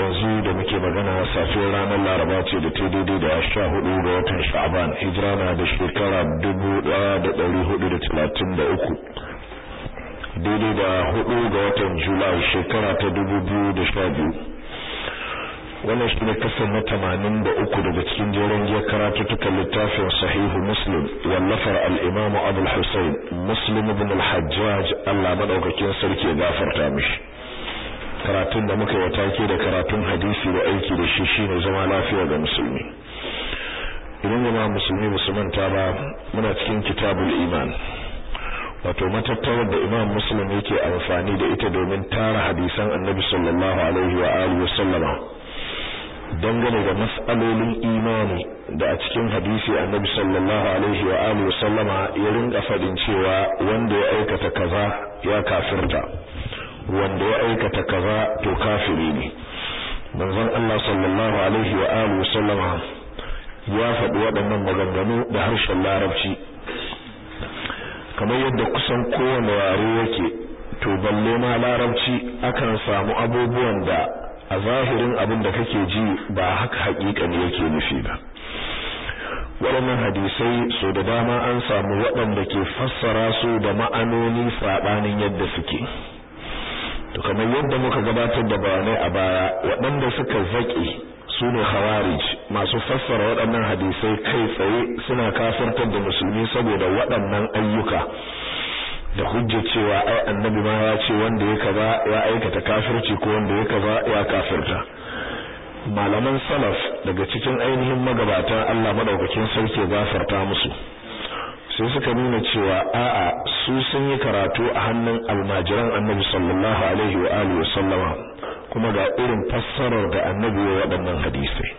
yanzu da muke magana safiyar ranar laraba ce da ta daidai da sha hudu ga watan sha'aban hijira na da shekara dubu daya da dari hudu da talatin da uku daidai da hudu ga watan julai shekara ta dubu biyu da sha biyu wannan shi ne kasan na tamanin da uku daga cikin jerin jiya karatuttukan littafin sahihu muslim wallafar al'imamu abul hussein muslim ibn al-hajjaj allah maɗaukakin sarki ya gafarta mishi karatun da muka yi ke da karatun hadisi da aiki da shi shine zama lafiya ga musulmi idan gama musulmi musulman ta ba muna cikin kitabul iman wato matattawar da imam muslim yake amfani da ita domin tara hadisan annabi sallallahu alaihi wa alihi wasallama dangane da matsalolin imani da a cikin hadisi annabi sallallahu alaihi wa alihi wasallama ya ringa fadin cewa wanda ya aikata kaza ya kafirta wanda ya aikata kaza to kafiri ne manzon Allah sallallahu alaihi wa alihi sallama ya faɗi waɗannan maganganu da harshen larabci kamar yadda kusan kowane yare yake to balle ma larabci akan samu abubuwan da a zahirin abin da kake ji ba haka haƙiƙa ne yake nufi ba waɗannan hadisai so da dama an samu waɗanda ke fassara su da ma'anoni saɓanin yadda suke to kamar yadda muka gabatar da bayanai a baya waɗanda suka zaƙe su ne khawarij masu fassara waɗannan hadisai kai tsaye suna kafirtar da musulmi saboda waɗannan ayyuka da hujja cewa ai annabi ma ya ce wanda ya kaza ya aikata kafirci ko wanda ya kaza ya kafirta malaman salaf daga cikin ainihin magabatan Allah madaukakin sarki gafarta musu sai suka nuna cewa a'a su sun yi karatu a hannun almajiran annabi sallallahu alaihi wa alihi wa sallama kuma ga irin fassarar da annabi ya waɗannan hadisai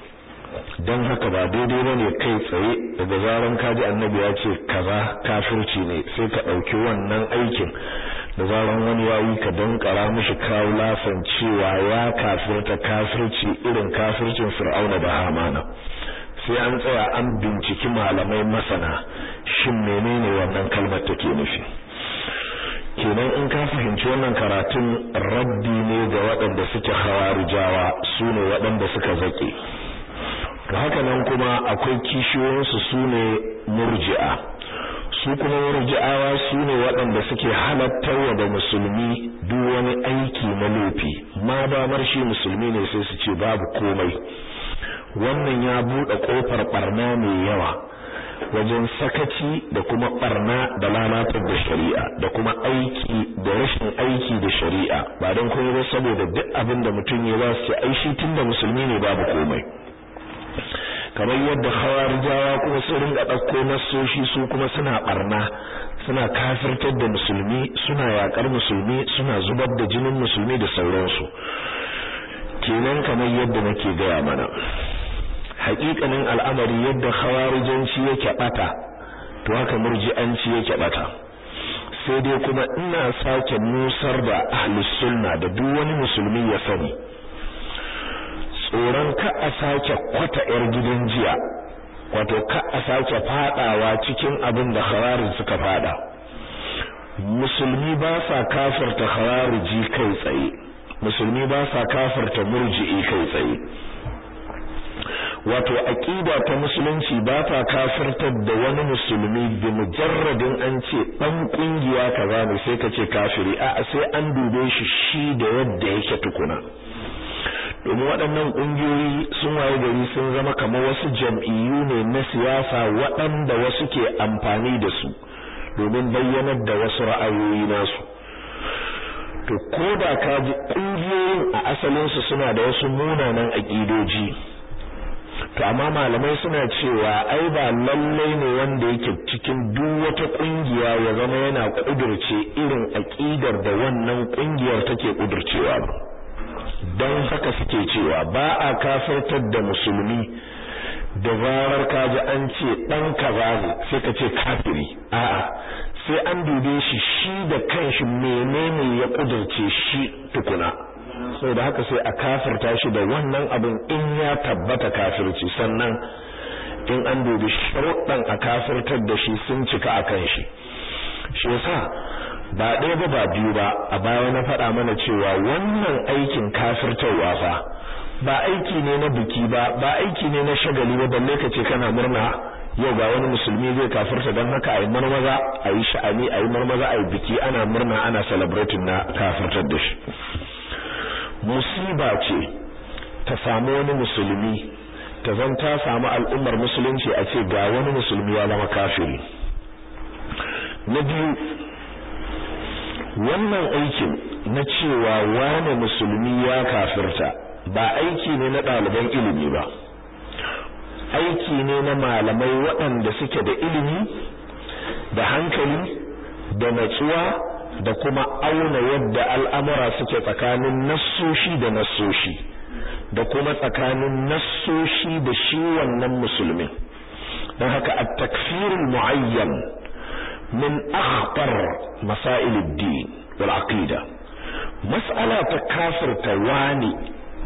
dan haka ba daidai ba ne kai tsaye daga zaran kaji annabi ya ce kaza kafirci ne sai ka ɗauki wannan aikin da zaran wani ya yi ka dankara mishi kawo lafan ya kafirta kafirci irin kafircin fir'auna da hamana sai an tsaya an binciki malamai masana shin menene wannan kalmar take nufi kenan in ka fahimci wannan karatun rabbi ne ga waɗanda suke hawarijawa su ne waɗanda suka zaƙe ga hakanan kuma akwai kishiyoyinsu su ne murji'a su kuma murji'awa su ne waɗanda suke wa da musulmi duk wani aiki na laifi ma damar shi musulmi ne sai su ce babu komai wannan ya buɗe ƙofar ɓarna mai yawa wajen sakaci da kuma barna da lalatar da shari'a da kuma aiki da rashin aiki da shari'a ba don kuma ba saboda duk abin da mutum ya za su ce ai shi tun da musulmi ne babu komai kamar yadda jawa kuma sun ringa ɗauko nasoshi su kuma suna ɓarna suna kafirtar da musulmi suna yaƙar musulmi suna zubar da jinin musulmi da sauransu kenan kamar yadda nake gaya mana haƙiƙanin al'amari yadda khawarijanci yake bata to haka murji'anci yake bata sai dai kuma ina sake nusar da ahlus sunna da duk wani musulmi ya sani tsoron ka a sake kwata yar gidan jiya wato ka a sake fadawa cikin abin da khawarij suka fada musulmi ba sa kafirta khawariji kai tsaye musulmi ba sa kafirta murji'i kai tsaye wato aqida ta musulunci ba ta kafirtar da wani musulmi bi mujarradin an ce dan kungiya kaza ne sai ka ce kafiri a sai an dube shi shi da yadda yake tukuna domin waɗannan ƙungiyoyi sun waye gari sun zama kamar wasu jam'iyyu ne na siyasa waɗanda wasu ke amfani da su domin bayyanar da wasu ra'ayoyi nasu to ko da ka ji ƙungiyoyin a asalinsu suna da wasu munanan aƙidoji to amma malamai suna cewa ai ba lallai ne wanda yake cikin duk wata kungiya ya zama yana kudurce irin aqidar da wannan kungiyar take kudurcewa dan haka suke cewa ba a kafartar da musulmi da zarar ka ji an ce dan kaza ne sai ka ce kafiri a'a sai an dube shi shi da kanshi menene ya kudurce shi tukuna saboda haka sai a kafirta shi da wannan abin in ya tabbata kafirci sannan in an dubi sharuɗan a kafirtar da shi sun cika a kan shi shi yasa ba ɗaya ba ba biyu ba a baya na faɗa mana cewa wannan aikin kafirtarwa fa ba aiki ne na buki ba ba aiki ne na shagali ba balle ka ce kana murna yau ga wani musulmi zai kafirta don haka ayi marmaza ayi sha'ani ayi marmaza ayi biki ana murna ana celebrating na kafirtar da shi musiba ce ta samu wani musulmi ta zan ta samu al'ummar musulunci a ce ga wani musulmi ya zama kafiri na biyu wannan aikin na cewa wani musulmi ya kafirta ba aiki ne na ɗaliban ilimi ba aiki ne na malamai waɗanda suke da ilimi da hankali da natsuwa da kuma auna yadda al'amura suke tsakanin nasoshi da nasoshi. da kuma tsakanin nasoshi da shi wannan musulmi. don haka a takfirin mu'ayyan min akhtar masailin din wal aqida mas'ala ta kafirta wani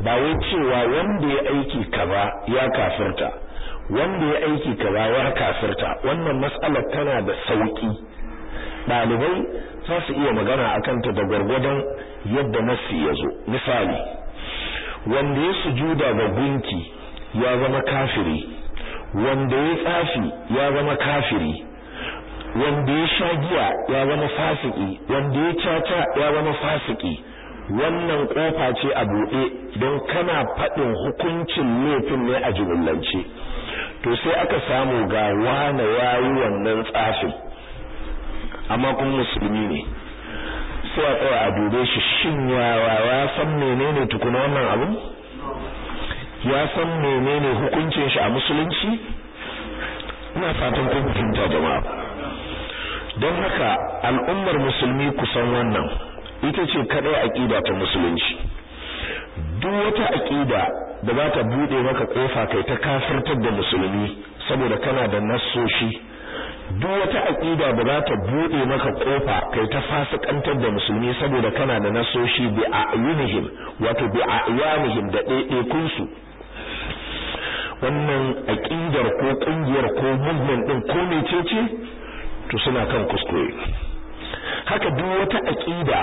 ba wai cewa wanda ya aiki kaza ya kafirta wanda ya aiki kaza ya kafirta wannan matsalar tana da sauƙi. ɗalibai za su iya magana a kanta da gwargwadon yadda nasi ya zo misali wanda ya sujuda ga gunki ya zama kafiri wanda ya tsafi ya zama kafiri wanda ya sha giya ya zama fasiki wanda ya caca ya zama fasiki wannan kofa ce a buɗe don kana faɗin hukuncin laifin ne a jumillance to sai aka samu ga wane yayi wannan tsafin amma kuma musulmi ne sai a tsaya a dube shi shin ya san menene tukuna wannan abin ya san menene hukuncin shi a musulunci ina fatan kun fahimta jama'a don haka al'ummar musulmi kusan wannan ita ce kadai aqida ta musulunci duk wata aqida da za ta bude maka kofa kai ta kafirtar da musulmi saboda kana da nassoshi duk wata aqida ba za ta bude maka kofa kai ta fasikantar da musulmi saboda kana da nasoshi bi ayunihim wato bi ayanihim da ɗaiɗaikun su wannan aqidar ko kungiyar ko movement din ko ce to suna kan kuskure haka duk wata aqida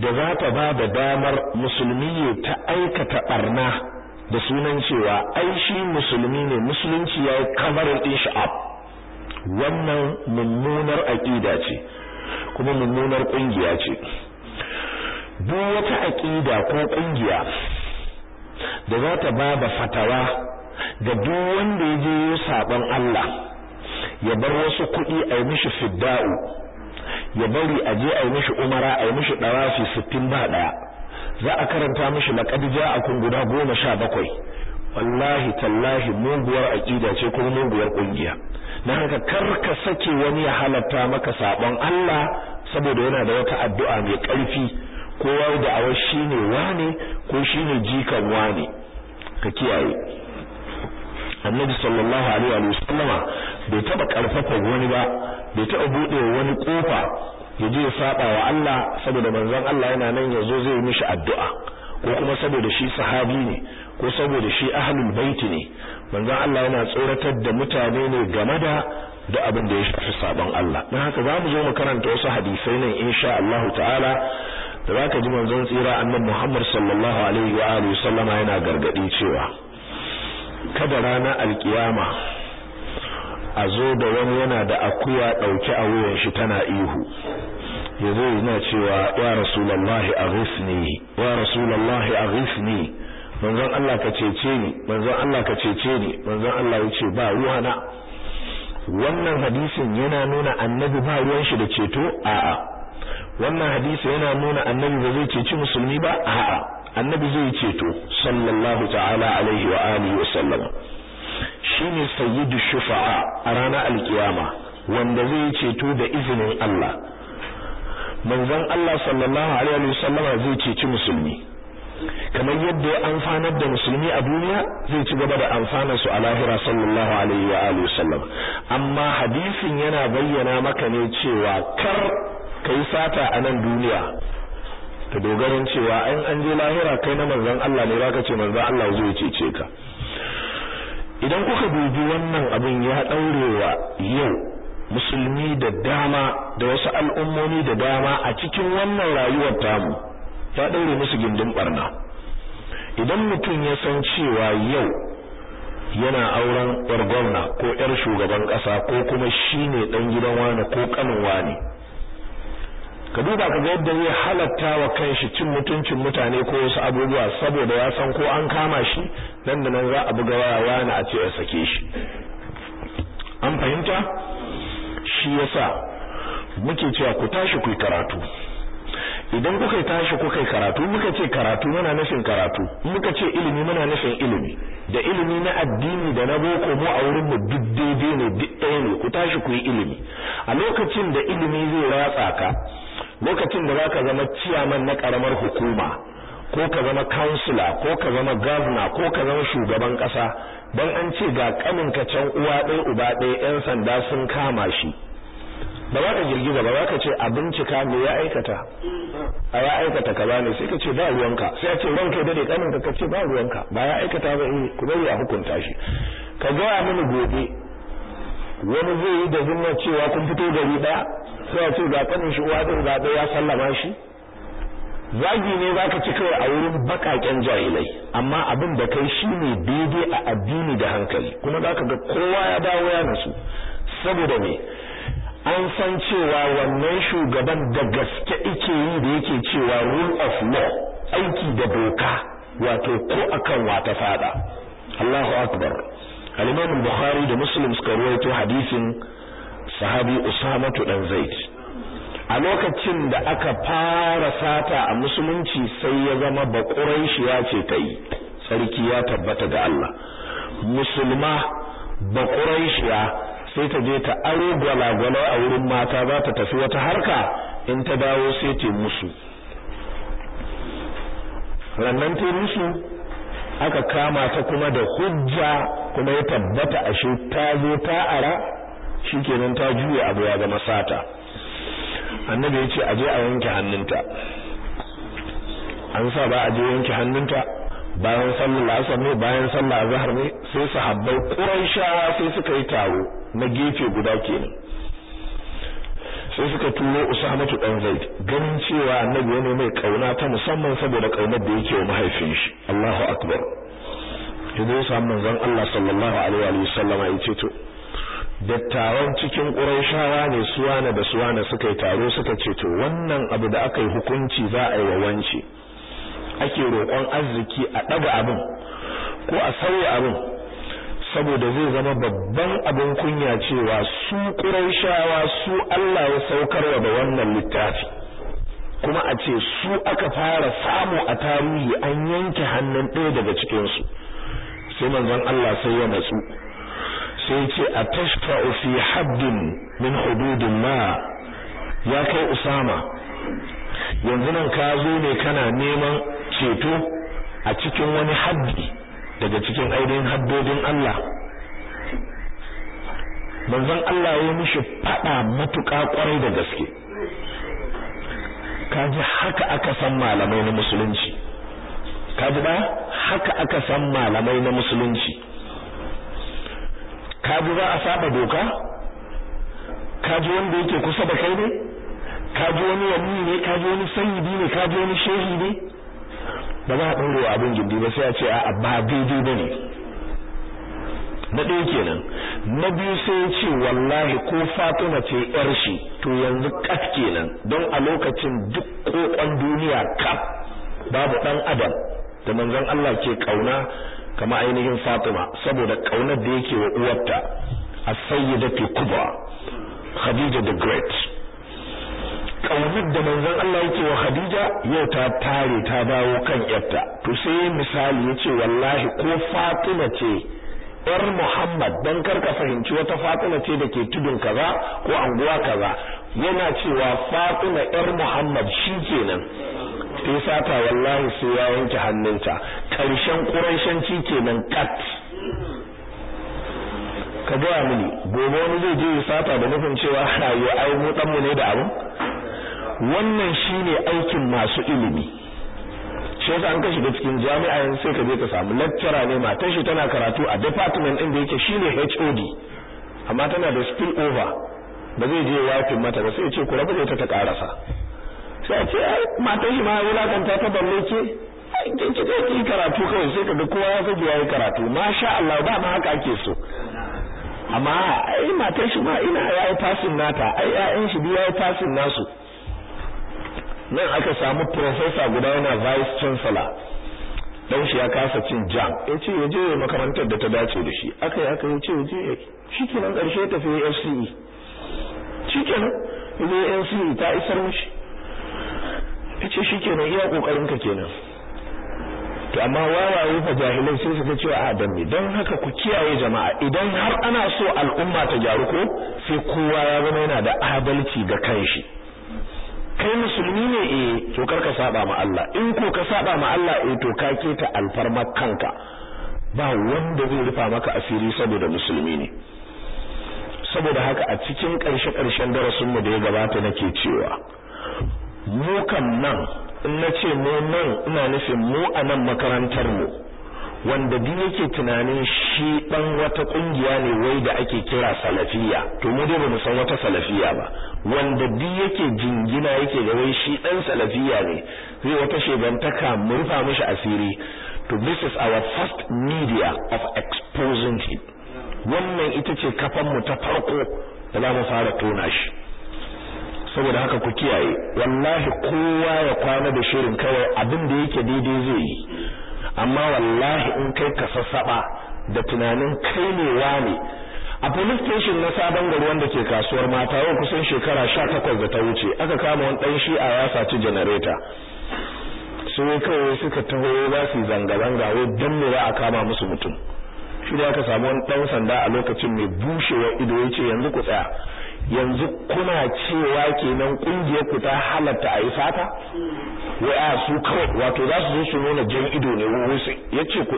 da za ta ba da damar musulmi ta aikata barna da sunan cewa ai shi musulmi ne musulunci yayi kamar din shi wannan mummunar aqida ce kuma mummunar ƙungiya ce duk wata aqida ko ƙungiya da za ta ba da fatawa ga duk wanda ya je sabon Allah ya bar wasu kuɗi a yi mishi fidda'u ya bari a je a yi mishi umara a yi mishi ɗawafi sittin ba ɗaya za a karanta mishi a kun guda goma sha bakwai wallahi tallahi muguwar aqida ce kuma muguwar kungiya dan haka kar sake wani ya halatta maka sabon Allah saboda yana da wata addu'a mai ƙarfi wai da awar shine wane ko shine jikan wane ka kiyaye annabi sallallahu alaihi wa sallam bai taba karfafa wani ba bai taba bude wani kofa ya je ya saba wa Allah saboda manzon Allah yana nan yazo zai mishi addu'a ko kuma saboda shi sahabi ne ko saboda shi ahlul baiti ne manzon Allah yana tsoratar da mutane ne game da da abin da ya shafi sabon Allah don haka za mu zo mu karanta wasu hadisai nan insha Allah ta'ala da zaka ji manzon tsira annabi Muhammad sallallahu alaihi wa alihi sallama yana gargadi cewa kada rana alkiyama a zo da wani yana da akuya dauke a wuyan shi tana ihu yazo yana cewa ya rasulullahi aghithni ya rasulullahi aghithni manzon Allah ka cece ni manzon Allah ka cece ni manzon Allah ya ce ba na wannan hadisin yana nuna annabi ba ruwan shi da ceto a'a wannan hadisi yana nuna annabi ba zai ceci musulmi ba a'a annabi zai ceto sallallahu ta'ala alaihi wa alihi wa sallama shine sayyidu shufa'a a ranar alkiyama wanda zai ceto da izinin Allah manzon Allah sallallahu alaihi wa sallama zai ceci musulmi kamar yadda ya amfanar da musulmi a duniya zai ci gaba da amfanar su a lahira sallallahu alaihi wa alihi sallam amma hadisin yana bayyana maka ne cewa kar kai sata a nan duniya ta dogarin cewa in an je lahira kai na manzon Allah ne zaka ce manzon Allah zai cece ka idan kuka dubi wannan abin ya daurewa yau musulmi da dama da wasu al'ummomi da dama a cikin wannan rayuwar tamu ya ɗaure musu gindin barna idan mutum ya san cewa yau yana auren yar gwamna ko yar shugaban ƙasa ko kuma shi ne ɗan gidan wani ko ƙanin wani ka duba ka ga yadda zai halatta wa kanshi cin mutuncin mutane ko wasu abubuwa saboda ya san ko an kama shi nan da nan za a buga waya wani a ce ya sake shi an fahimta shi yasa muke cewa ku tashi ku karatu idan kuka tashi kuka karatu muka ce karatu muna nufin karatu muka ce ilimi muna nashin ilimi da ilimi na addini da na boko mu a wurin mu duk daidai ne duk ɗaya ne ku tashi ku yi ilimi a lokacin da ilimi zai ratsa ka lokacin da zaka zama ciyaman na karamar hukuma ko ka zama kansila ko ka zama gwamna ko ka zama shugaban kasa dan an ce ga kanin can uwa ɗaya uba ɗaya yan sanda sun kama shi ba za ka girgiza ba za ka ce a bincika me ya aikata a ya aikata ka ne sai ka ce ba ruwanka sai a ce ranka ya dade kanin ka ce ba ruwanka ba ya aikata ba eh ku bari a hukunta shi ka gaya mini gobe wani zai yi da zumma cewa kun fito gari daya sai a ce ga kanin shi uwa din ga ya sallama shi zagi ne za ka ci kawai a wurin bakaken jahilai amma abin da kai shi ne daidai a addini da hankali kuma za ka ga kowa ya dawo ya nasu saboda me an san cewa wannan shugaban da gaske ike yi da yake cewa rule of law aiki da doka wato ko akan wata fada Allahu akbar al-Imam Bukhari da Muslim suka rawaito hadisin sahabi Usamatu dan Zaid a lokacin da aka fara sata a musulunci sai ya zama bakurai shi ya ce kai sarki ya tabbata da Allah musulma bakurai shi sai ta je ta aro gwalagwala a wurin mata za ta tafi wata harka in ta dawo sai ta musu rannan ta musu aka kama ta kuma da hujja kuma ya tabbata ashe ta zo ta ara shi shikenan ta juya abu ya zama sata annabi ya ce je a yanke hannunta an sa ba a je yanke hannunta bayan sallar asar ne bayan sallar zahar ne sai sahabbai shawa sai suka yi taro na gefe guda kenan sai suka turo usamatu ɗan zaid ganin cewa annabi ne mai kauna ta musamman saboda kaunar da yake wa mahaifin shi Allahu akbar idan ya manzon Allah sallallahu alaihi wa sallam ya ce to dattawan cikin shawa ne suwana da suwana suka yi taro suka ce to wannan abu da aka yi hukunci za a yi wa wance ake roƙon arziki a ɗaga abin ko a sauya abin saboda zai zama babban abin kunya cewa su shawa su Allah ya saukarwa da wannan littafi kuma a ce su aka fara samu a tarihi an yanke hannun ɗaya daga cikinsu sai manzon Allah sai ya matsu sai ya ce a tashka fi haddin min hududin ma ya kai usama yanzu nan ka zo ne kana neman ceto a cikin wani haddi daga cikin ainihin haddodin Allah manzon Allah ya mishi fada matuƙa kwarai da gaske kaji haka aka san malamai na musulunci kaji ba haka aka san malamai na musulunci kaji za a saba doka kaji wanda yake kusa da kai ne ka ji wani wani ne ka wani sayidi ne ka wani shehi ne ba za a ɗaure wa abin gindi ba sai a ce a ba daidai ba ne na ɗaya kenan na biyu sai ya ce wallahi ko fatima ce yar shi to yanzu kaf kenan don a lokacin duk kokon duniya kaf babu ɗan adam da manzon Allah ke kauna kama ainihin fatima saboda kaunar da yake wa uwarta as-sayyidatu kubra khadija the great kaunar da manzon Allah yake wa Khadija yau ta tare ta dawo kan yarta to sai misali yace wallahi ko Fatima ce yar Muhammad dan karka fahimci wata Fatima ce da ke tudun kaza ko anguwa kaza yana cewa Fatima yar Muhammad shi kenan sai sata wallahi sai ya yanke hannunta karshen Qurayshanci kenan kat ka gaya mini gobe wani zai je ya sata da nufin cewa rayuwa ai mu dan mu ne da abin wannan shine aikin masu ilimi shi yasa an ka da cikin jami'a yanzu sai ka je ka samu lecturer ne matar shi tana karatu a department din da yake shine HOD amma tana da spill over ba zai je wafin mata ba sai ya ce ku rabu ta ta karasa sai a ce matar shi ma wulakanta ta balle ke kin ki yi karatu kawai sai ga kowa ya gaji yayi karatu masha Allah ba ma haka ake so amma ai matar shi ma ina yayi fasin nata ai ƴaƴan shi biya yayi fasin nasu nan aka samu professor guda yana vice chancellor dan shi ya kasa cin jam ya ce ya je makarantar da ta dace da shi aka yi aka yi ce ya je nan karshe tafi FCE nan ya FCE e, ta isar mishi ya ce nan iya kokarin ka kenan to amma wawaye fa jahilai sai su ga cewa adam don haka ku kiyaye jama'a idan har ana so al'umma ta gyaru ko sai kowa ya zama yana da adalci ga kanshi kai musulmi ne eh to karka saba ma Allah in ko ka saba ma Allah eh to ka keta alfarmar kanka ba wanda zai rufa maka asiri saboda musulmi ne saboda haka a cikin ƙarshe ƙarshen darasin mu da ya gabata nake cewa mu kan nan in nace mu nan ina nufin mu a nan makarantar mu wanda duk yake tunanin shi dan wata kungiya ne wai da ake kira salafiya to mu dai bamu san wata salafiya ba wanda duk yake jingina yake da wai shi dan salafiya ne zai wata shegantaka mu rufa mishi asiri to this is our first media of exposing him wannan ita ce kafan mu ta farko da za mu fara tona shi saboda haka ku kiyaye wallahi kowa ya kwana da shirin kawai abin da yake daidai zai yi amma wallahi in kai ka sassaɓa da tunanin kai ne a police station na sabon gari wanda ke kasuwar mata yau kusan shekara sha takwas da ta wuce aka kama wani dan shi'a ya saci generator su ne kawai suka taho za su zanga-zanga wai dan me za a kama musu mutum shi da aka samu wani dan sanda a lokacin mai bushewar ido ya ce yanzu ku tsaya yanzu kuna cewa kenan kungiyar ku ta halatta a yi fata wai a su kawai wato za su zo su nuna jan ido ne wani sai ce ku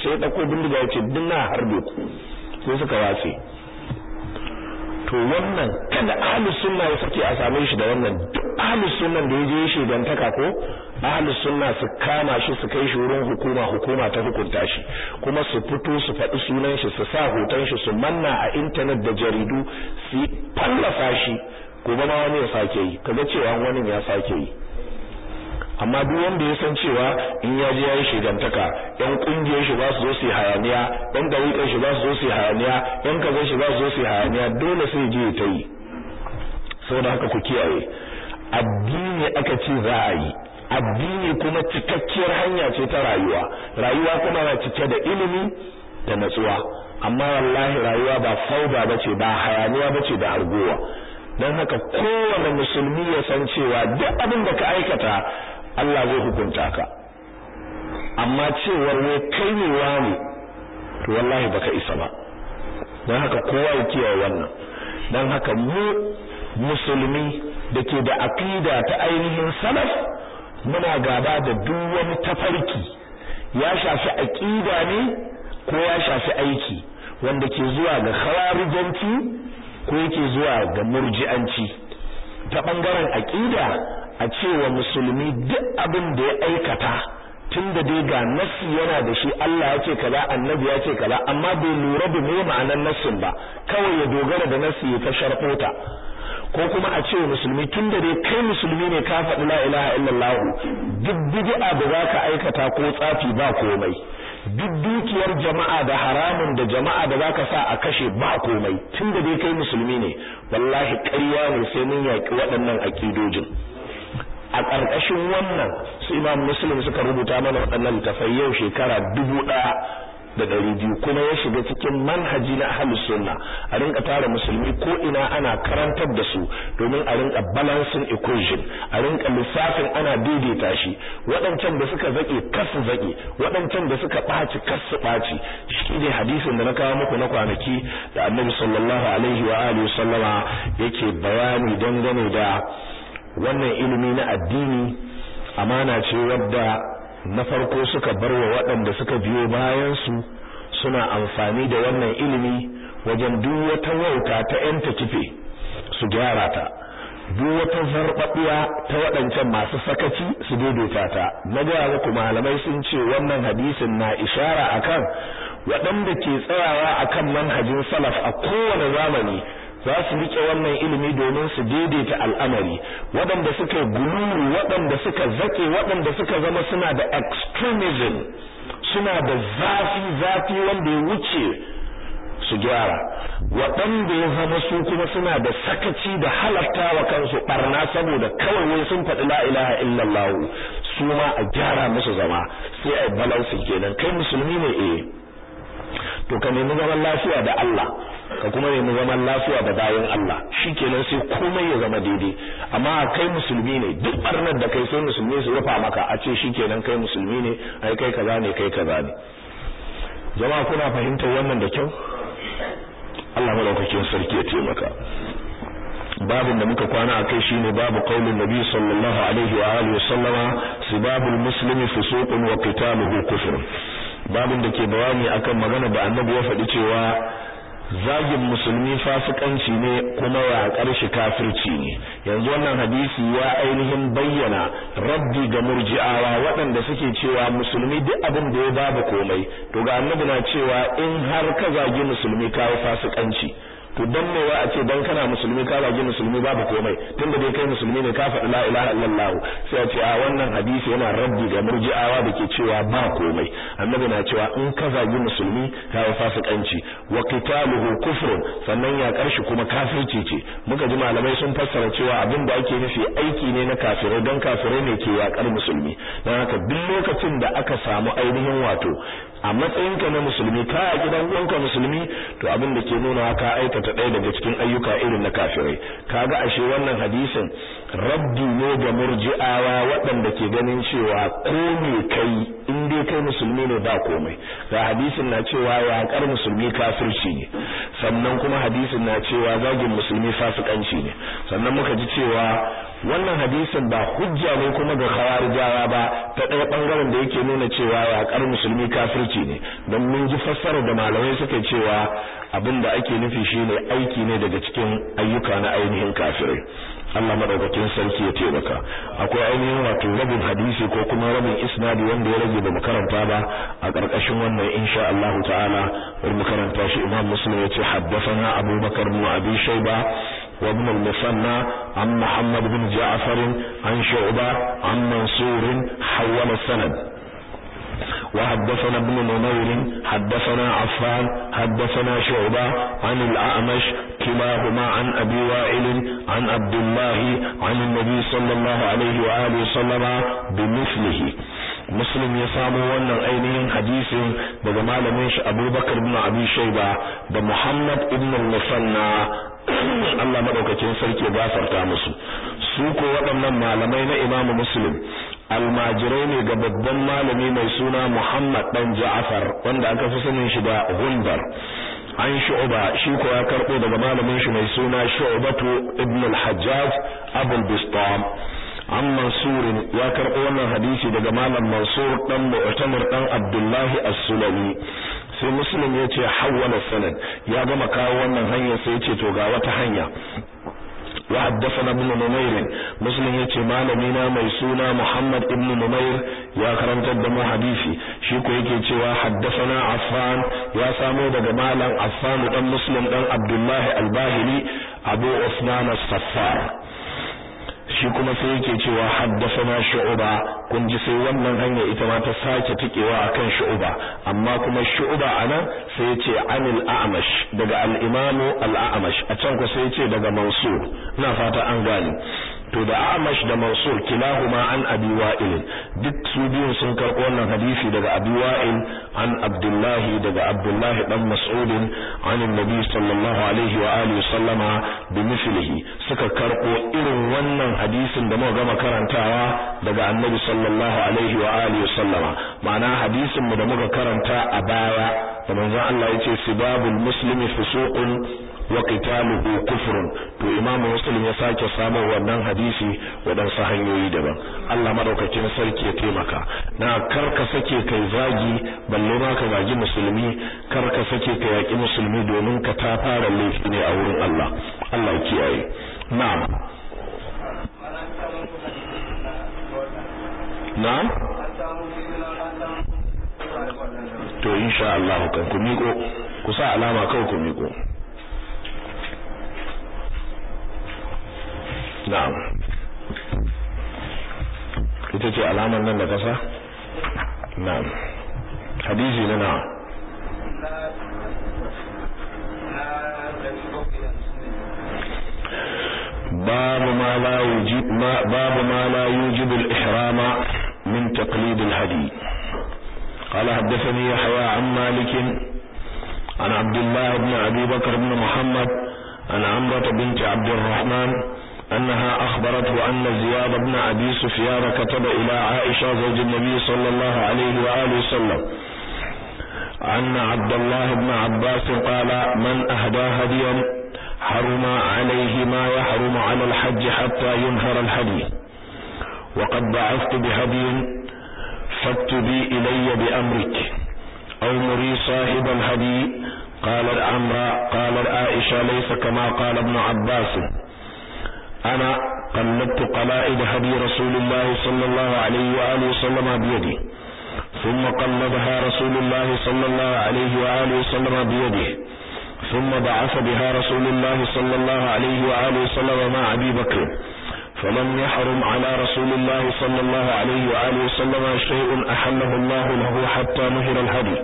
sai ya ɗauko bindiga yace dinna harbe ku sai suka wace to wannan kada ahlus sunna ya sake a same shi da wannan duk ahlus sunna da je shi dantaka ko ahli sunna su kama shi su kai shi wurin hukuma hukuma ta hukunta shi kuma su fito su faɗi sunan shi su sa hoton shi su manna a intanet da jaridu su fallafa shi gobe ma wani ya sake yi kaga cewa wani ya sake yi amma duk wanda ya san cewa in ya je yayi shigantaka yan kungiyar shi za su zo su hayaniya yan dariƙar shi za su zo su hayaniya yan kazan shi za su zo su hayaniya dole sai je ta yi saboda haka ku kiyaye addini aka ce za a yi addini kuma cikakkiyar hanya ce ta rayuwa rayuwa kuma na cike da ilimi da natsuwa amma wallahi rayuwa ba fauda bace ba hayaniya bace da argowa don haka kowane musulmi ya san cewa duk abin da ka aikata Allah zai hukunta ka amma cewar ne kai ne wani to wallahi baka isa ba don haka kowa ya kiyaye wannan don haka mu musulmi da ke da aqida ta ainihin salaf muna gaba da duk wani tafarki ya shafi aƙida ne ko ya shafi aiki wanda ke zuwa ga khawarijanci ko yake zuwa ga murji'anci ta ɓangaren aƙida a cewa musulmi duk abin da ya aikata tun da dai ga nassi yana da shi Allah ya ce kaza annabi ya ce kaza amma bai lura da me ma'anar nassin ba kawai ya dogara da nassi ya ta sharfota ko kuma a ce musulmi tun da dai kai musulmi ne ka faɗi la ilaha illallah duk bid'a da za ka aikata ko tsafi ba komai duk dukiyar jama'a da haramun da jama'a da za ka sa a kashe ba komai tun da dai kai musulmi ne wallahi ƙarya ne sai mun yaƙi waɗannan aƙidojin a ƙarƙashin wannan su imam muslim suka rubuta mana waɗannan tafayyau yau shekara dubu ɗaya da ɗari biyu kuma ya shiga cikin manhaji na ahalus sunna a rinka tara musulmi ko ina ana karantar da su domin a rinka balancing equation a rinka lissafin ana daidaita shi waɗancan da suka zaƙe kasu zaƙe waɗancan da suka ɓaci kasu su ɓaci shi ne hadisin da na kawo muku na kwanaki da annabi sallallahu alaihi wa alihi sallama yake bayani dangane da wannan ilimi na addini amana ce wadda na farko suka bar wa waɗanda suka biyo bayansu suna amfani da wannan ilimi wajen duk wata wauta ta ‘yanta kife su gyara ta duk wata zarɓaɓɓiya ta waɗancan masu sakaci su daidaita ta na gaya muku malamai sun ce wannan hadisin na ishara akan waɗanda ke tsayawa akan manhajin salaf a kowane zamani za su rike wannan ilimi domin su daidaita al'amari waɗanda suka gululu waɗanda suka zake waɗanda suka zama suna da extremism suna da zafi zafi wanda ya wuce su gyara waɗanda ya zama su kuma suna da sakaci da halatta wa kansu ɓarna saboda kawai wai sun faɗi la ilaha illallah su ma a gyara musu zama sai a balansu kenan kai musulmi ne eh to ka nemi zaman lafiya da Allah ka kuma nemi zaman lafiya da bayan Allah shikenan sai komai ya zama daidai amma kai musulmi ne duk barnar da kai sai musulmi su rufa maka a ce shikenan kai musulmi ne ai kai kaza ne kai kaza ne jama'a kuna fahimtar wannan da kyau Allah malaukakin sarki ya taimaka babin da muka kwana a kai shine babu qaulin nabi sallallahu alaihi wa alihi wasallama sibabul muslimi fusuqun wa qitaluhu kufr babin da ke bayani akan magana da annabi ya faɗi cewa zagin musulmi fasikanci ne kuma ya shi kafirci ne yanzu wannan hadisi ya ainihin bayyana rabbi ga murji'awa waɗanda suke cewa musulmi duk abin da ya babu komai to ga annabi na cewa in har ka zagi musulmi kawo fasikanci to dan me a ce dan kana musulmi ka zagi musulmi babu komai tunda dai kai musulmi ne ka faɗi la ilaha illallah sai a ce a wannan hadisi yana rabbi ga murji'awa da ke cewa ba komai annabi na cewa in ka zagi musulmi ka yi fasikanci wa qitaluhu kufrun sannan ya karshi kuma kafirci ce muka ji malamai sun fassara cewa abin da ake nufi aiki ne na kafirai don kafirai ne ke yakar musulmi na haka duk lokacin da aka samu ainihin wato a matsayinka na musulmi ka a gidan uwanka musulmi to abin da ke nuna ka aikata ɗaya daga cikin ayyuka irin na kafirai ka ga ashe wannan hadisin rabbi ne ga murji'awa waɗanda ke ganin cewa ko me kai in dai kai musulmi ne ba komai ga hadisin na cewa yaƙar musulmi kafirci ne sannan kuma hadisin na cewa zagin musulmi fasikanci ne sannan muka ji cewa wannan hadisin ba hujja ne kuma ga khawarijawa ba ta ɗaya ɓangaren da yake nuna cewa yaƙar musulmi kafirci aiki ne don mun ji fassarar da malamai suka cewa abin da ake nufi shine aiki ne daga cikin ayyuka na ainihin kafirai Allah madaukakin sarki ya taimaka akwai ainihin wato rabin hadisi ko kuma rabin isnadi wanda ya rage ba mu karanta ba a ƙarƙashin wannan insha Allah ta'ala wani mu karanta shi Imam Muslim ya haddathana Abu Bakar mu Abi Shayba wa ibn al-Musanna an Muhammad bin Ja'far an Shu'ba an Mansur hawala sanad وحدثنا ابن منير حدثنا عفان حدثنا شعبة عن الأعمش كلاهما عن أبي وائل عن عبد الله عن النبي صلى الله عليه وآله وسلم بمثله muslim ya samo wannan ainihin hadisin daga malamin shi abubakar ibn abi shaiba da muhammad ibn musanna Allah madaukakin sarki ya gafarta musu su ko waɗannan malamai na imam muslim almajirai ne ga babban malami mai suna Muhammad dan Ja'far wanda aka fi sanin shi da Gundar an shu'ba shi ko ya karɓo daga malamin shi mai suna Shu'batu ibn al-Hajjaj bistam an Mansur ya karɓo wannan hadisi daga malam Mansur dan Mu'tamir dan Abdullahi as-Sulami sai Muslim ya ce hawwala sanad ya gama kawo wannan hanya sai ya ce to ga wata hanya wa haddathana ibn numair muslim yace malami na mai suna muhammad ibn numair ya karantar da mu hadisi shi ko yake cewa na affan ya samo daga malam affan ɗan muslim ɗan abdullahi al abu usman as-saffar shi kuma sai yake cewa na shu'uba kun ji sai wannan hanya ita ma ta sake tikewa akan shu'uba amma kuma shu'uba anan sai yace anil a'mash daga al-imamu al-a'mash a can ko sai yace daga mansur ina fata an gani to da amash da mansur kilahuma an abi wa'il duk su biyun sun karɓo wannan hadisi daga abi wa'il an abdullahi daga abdullahi dan mas'ud an annabi sallallahu alaihi wa alihi sallama bi mislihi suka karɓo irin wannan hadisin da muka gama karantawa daga annabi sallallahu alaihi wa alihi sallama ma'ana hadisin mu da muka karanta a baya da manzon Allah yace sibabul muslimi fusuqun wa qitaluhu kufrun to imam muslim ya sake samun wannan hadisi sa hanyoyi daban Allah madaukakin sarki ya taimaka na karka sake kai zagi balle ma ka zagi musulmi karka sake ka yaki musulmi domin ka ta fara laifi ne a wurin Allah Allah ya kiyaye na'am na'am to insha Allah kan ku miko ku sa alama kawai ku miko na'am ita ce alamar nan da kasa na'am hadisi na na'am باب ما لا يجب ما باب ما لا يوجب الإحرام من تقليد الهدي قال حدثني يحيى عن مالك عن عبد الله بن أبي بكر بن محمد عن عمرة بنت عبد الرحمن أنها أخبرته أن زياد بن أبي سفيان كتب إلى عائشة زوج النبي صلى الله عليه وآله وسلم أن عبد الله بن عباس قال من أهدى هديا حرم عليه ما يحرم على الحج حتى ينهر الهدي وقد بعثت بهدي فاكتبي إلي بأمرك أو مري صاحب الهدي قال الأمر قال العائشة ليس كما قال ابن عباس أنا قلبت قلائد هدي رسول الله صلى الله عليه وآله وسلم بيدي ثم قلبها رسول الله صلى الله عليه وآله وسلم بيده ثم بعث بها رسول الله صلى الله عليه وآله وسلم مع أبي بكر فلم يحرم على رسول الله صلى الله عليه وآله وسلم شيء أحله الله له حتى نهر الهدي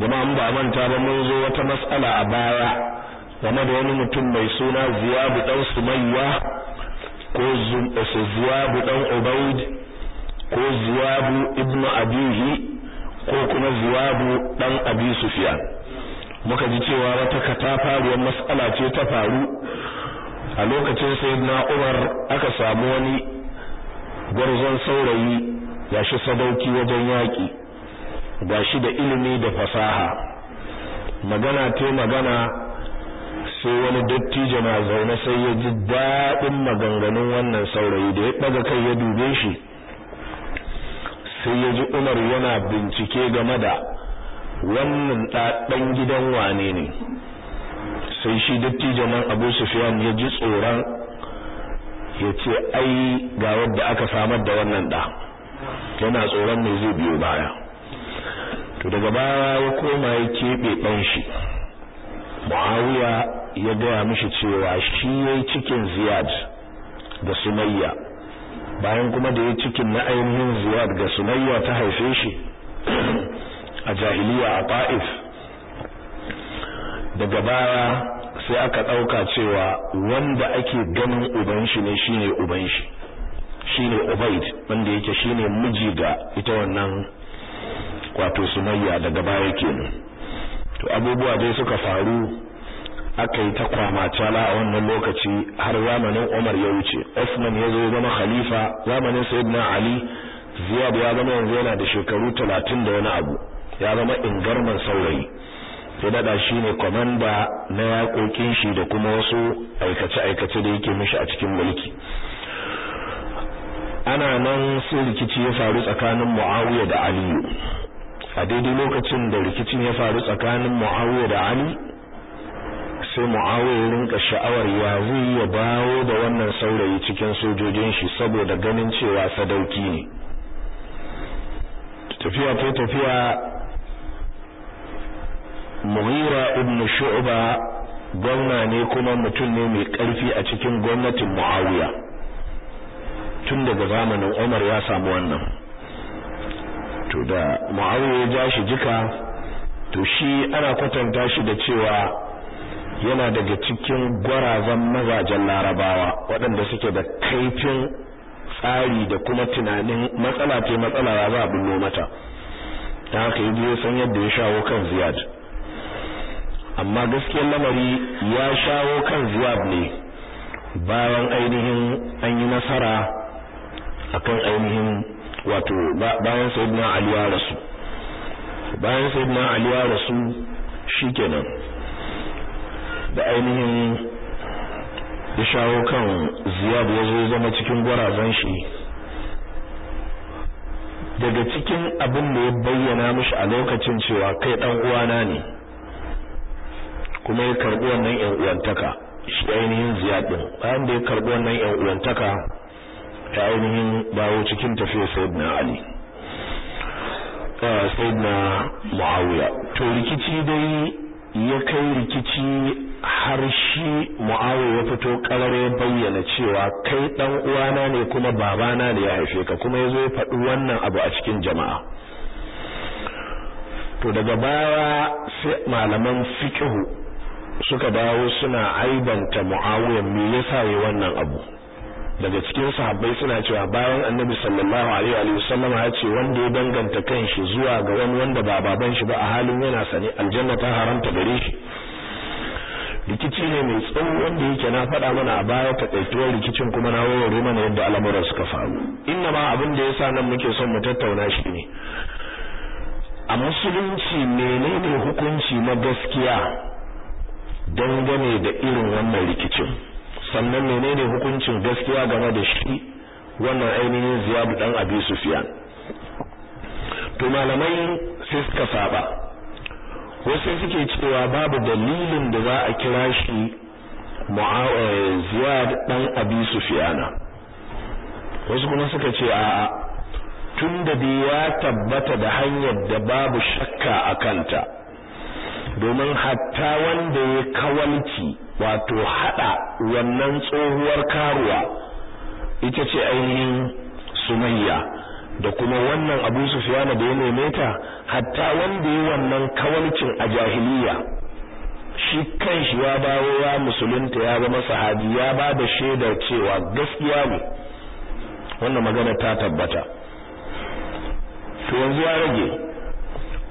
وما أمضى من تاب منذ وتمسأل عباية game da wani mutum mai suna ziyabu dan sumayya ko eh, ziyabu dan ubaid ko ziyabu ibnu abihi ko kuma ziyabu dan abi sufiya muka ji cewa wata katafaruwar matsala ce ta faru a lokacin sayyidina umar aka samu wani gwarzon saurayi ya shi sadauki wajen yaƙi shi da ilimi da fasaha magana te magana sai wani dattijo na zaune sai ya ji daɗin maganganun wannan saurayi da ya ɗaga kai ya dube shi sai ya ji umar yana bincike game da wannan ɗaɗɗan gidan wane ne sai shi dattijo nan abu sufiyan ya ji tsoron ya ce ai ga wadda aka samar da wannan ɗa yana tsoron mai zai biyo baya to daga baya ya koma ya keɓe ɗan shi Muawiya ya gaya mishi cewa shi yayi cikin Ziyad da Sumayya bayan kuma da yayi cikin na ainihin Ziyad ga Sumayya ta haife shi a jahiliya a Ta'if daga baya sai aka dauka cewa wanda ake ganin uban shi ne shine uban shi shine ubaid wanda yake shine miji ga ita wannan wato Sumayya daga baya kenan to abubuwa dai suka faru aka yi ta kwamacala a wannan lokaci har zamanin Umar ya wuce usman ya zo zama khalifa zamanin Sayyidina Ali Ziyad ya zama yanzu yana da shekaru talatin da wani abu ya zama ingarman saurayi ya dada shi ne kwamanda na yaƙoƙin shi da kuma wasu aikace-aikace da yake mishi a cikin mulki ana nan sun rikici ya faru tsakanin Muawiya da Aliyu a daidai lokacin da rikicin ya faru tsakanin mu'awiyar da ali sai mu'awiyar rinka sha'awar ya zai ya bawo da wannan saurayi cikin sojojin shi saboda ganin cewa sadauki ne tafiya ta tafiya Muhira ibn Shu'ba gwamna ne kuma mutum ne mai ƙarfi a cikin gwamnatin Muawiya tun daga zamanin Umar ya samu wannan to da mu'awiya ya ja shi jika to shi ana kwatanta shi da cewa yana daga cikin gwarazan mazajen larabawa waɗanda suke da kaifin tsari da kuma tunanin matsala ce matsala ya za a bullo mata ta haka yi ya san yadda ya shawo kan ziyad amma gaskiyar lamari ya shawo kan ziyad ne bayan ainihin an yi nasara akan ainihin wato bayan sayyidina ali ya rasu bayan sayyidina ali ya rasu shikenan da ainihin ya shawo kan ziyar ya zo zama cikin gwarazan shi daga cikin abin da ya bayyana mishi a lokacin cewa kai dan uwana ne kuma ya karbi wannan yan uwantaka shi ainihin ziyar din bayan da ya karbi wannan yan uwantaka ta ainihin dawo cikin tafiyar sayyidina ali ah, sayyidina muawiya to rikici dai ya kai rikici har shi muawiya ya fito karar ya bayyana cewa kai dan uwana ne kuma babana ne ya haife ka kuma yazo ya faɗi wannan abu a cikin jama'a to daga baya sai malaman fikihu suka dawo suna aibanta muawiya me yasa yayi wannan abu daga cikin sahabbai suna cewa bayan annabi sallallahu alaihi wa sallam ya ce wanda ya danganta kanshi zuwa ga wani wanda ba baban shi ba a halin yana sani aljanna ta haramta gare shi rikici ne mai tsawo wanda yake na faɗa mana a baya takaituwar rikicin kuma na warware mana yadda al'amuran suka faru inna ma abin da yasa nan muke son mu tattauna shi ne a musulunci menene hukunci na gaskiya dangane da irin wannan rikicin sannan menene hukuncin gaskiya game da shi wannan ainihin ziyadu dan abi sufyan to malamai sai suka saba wasu suke cewa babu dalilin da za a kira shi eh, ziyad dan abi na. wasu kuma suka ce a tun da ya tabbata da hanyar da babu shakka a kanta domin hatta wanda ya kawalci wato hada wannan tsohuwar karuwa ita ce ainihin sumayya da kuma wannan abu sufyana da ya neme hatta wanda ya wannan kawalcin a jahiliya shi shi ya dawo ya musulunta ya zama sahabi ya ba da shaidar cewa gaskiya ne wannan magana ta tabbata to yanzu ya rage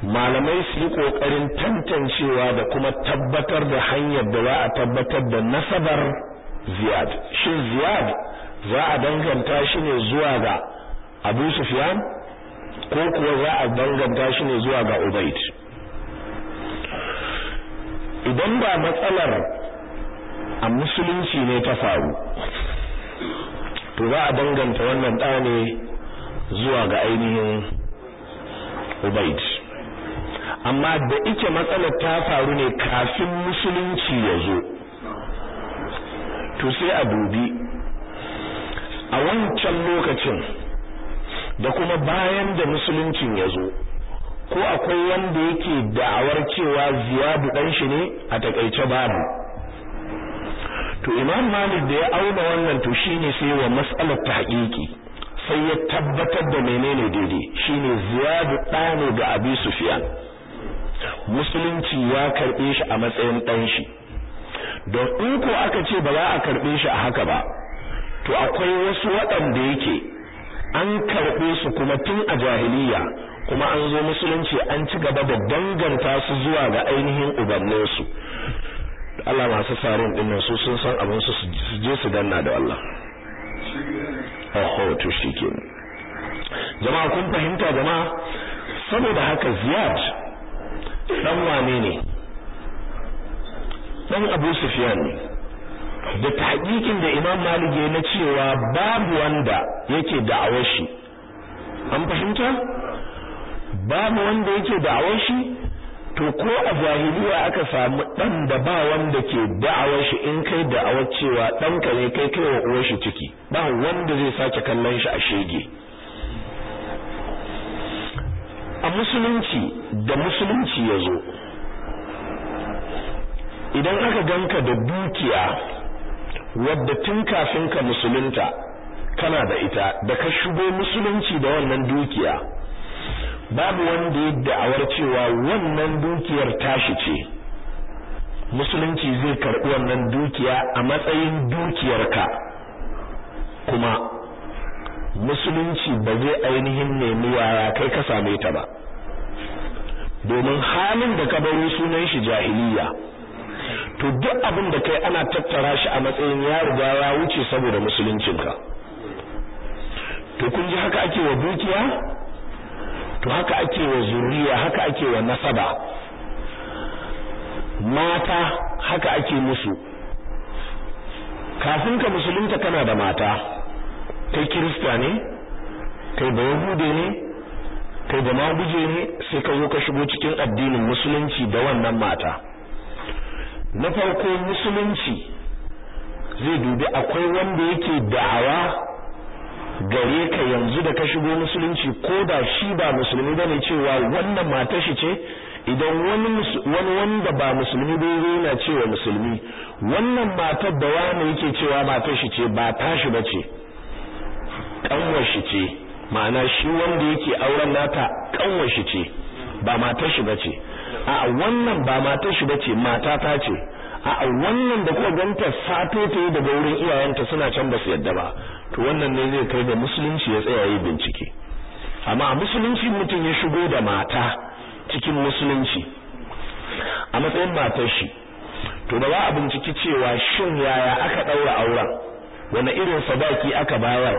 malamai su yi kokarin tantancewa da kuma tabbatar da hanyar da za a tabbatar da nasabar ziyad shin ziyad za a danganta shi ne zuwa ga abu sufyan ko kuwa za a danganta shi ne zuwa ga ubaid idan ba matsalar a musulunci ne ta faru to za a danganta wannan ɗane zuwa ga ainihin ubaid amma da ike matsalar ta faru ne kafin musulunci ya zo to sai a dubi a wancan lokacin da kuma bayan da musuluncin ya zo ko akwai wanda yake da'awar cewa ziyadu dan shi ne a takaice babu to imam malik da ya auna wannan to shine sai wa ta tahqiqi sai ya tabbatar da menene daidai shine ziyadu ɗane da ga abi sufyan musulunci ya karbe shi a matsayin dan shi don in ko aka ce ba za a karbe shi a haka ba to akwai wasu waɗanda yake an karbe su kuma tun a jahiliya kuma an zo musulunci an ci gaba da danganta su zuwa ga ainihin ubanninsu Allah masu sarin dinnan su sun san abin su su je su danna da Allah oho to kenan. jama'a kun fahimta jama'a saboda haka ziyad dan wane ne dan Abu Sufyan ne da tahqiqin da Imam Malik ya na cewa babu wanda yake da'awar shi an fahimta babu wanda yake da'awar shi to ko a jahiliya aka samu dan da ba wanda ke da'awar shi in kai da'awar cewa ka ne kai kai wa uwar shi ciki ba wanda zai sake kallon shi a shege a musulunci da musulunci ya zo idan aka ganka da dukiya wadda tun kafin ka musulunta kana da ita da ka shigo musulunci da wannan dukiya babu wanda ya da'awar cewa wannan dukiyar tashi ce musulunci zai karɓi wannan dukiya a matsayin dukiyarka kuma musulunci ba zai ainihin nemi yaya kai ka same ta ba domin halin da ka baro sunan shi jahiliya to duk abin da kai ana tattara shi a matsayin ya riga ya wuce saboda musuluncinka to kun ji haka ake wa dukiya to haka ake wa zuriya haka ake wa nasaba mata haka ake musu kafin ka musulunta kana da mata kai kirista ne kai ba yahude ne kai ba maguje ne sai ka zo ka shigo cikin addinin musulunci da wannan mata na farko musulunci zai dubi akwai wanda yake da'awa gare ka yanzu da ka shigo musulunci ko da shi ba musulmi bane cewa wannan mata shi ce idan wani wanda ba musulmi ba yana cewa musulmi wannan matar da wani yake cewa mata shi ce ba tashi bace kanwar shi ce ma'ana shi wanda yake auren nata kanwar shi ce ba matar shi bace a wannan ba matar shi bace mata ta ce a wannan da kuma ganta sato ta yi daga wurin iyayenta suna can ba su yadda ba to wannan ne zai kai da musulunci ya tsaya yi bincike amma a musulunci mutum ya shigo da mata cikin musulunci a matsayin matar shi to da ba a binciki cewa shin yaya aka daura auren wani irin sadaki aka bayar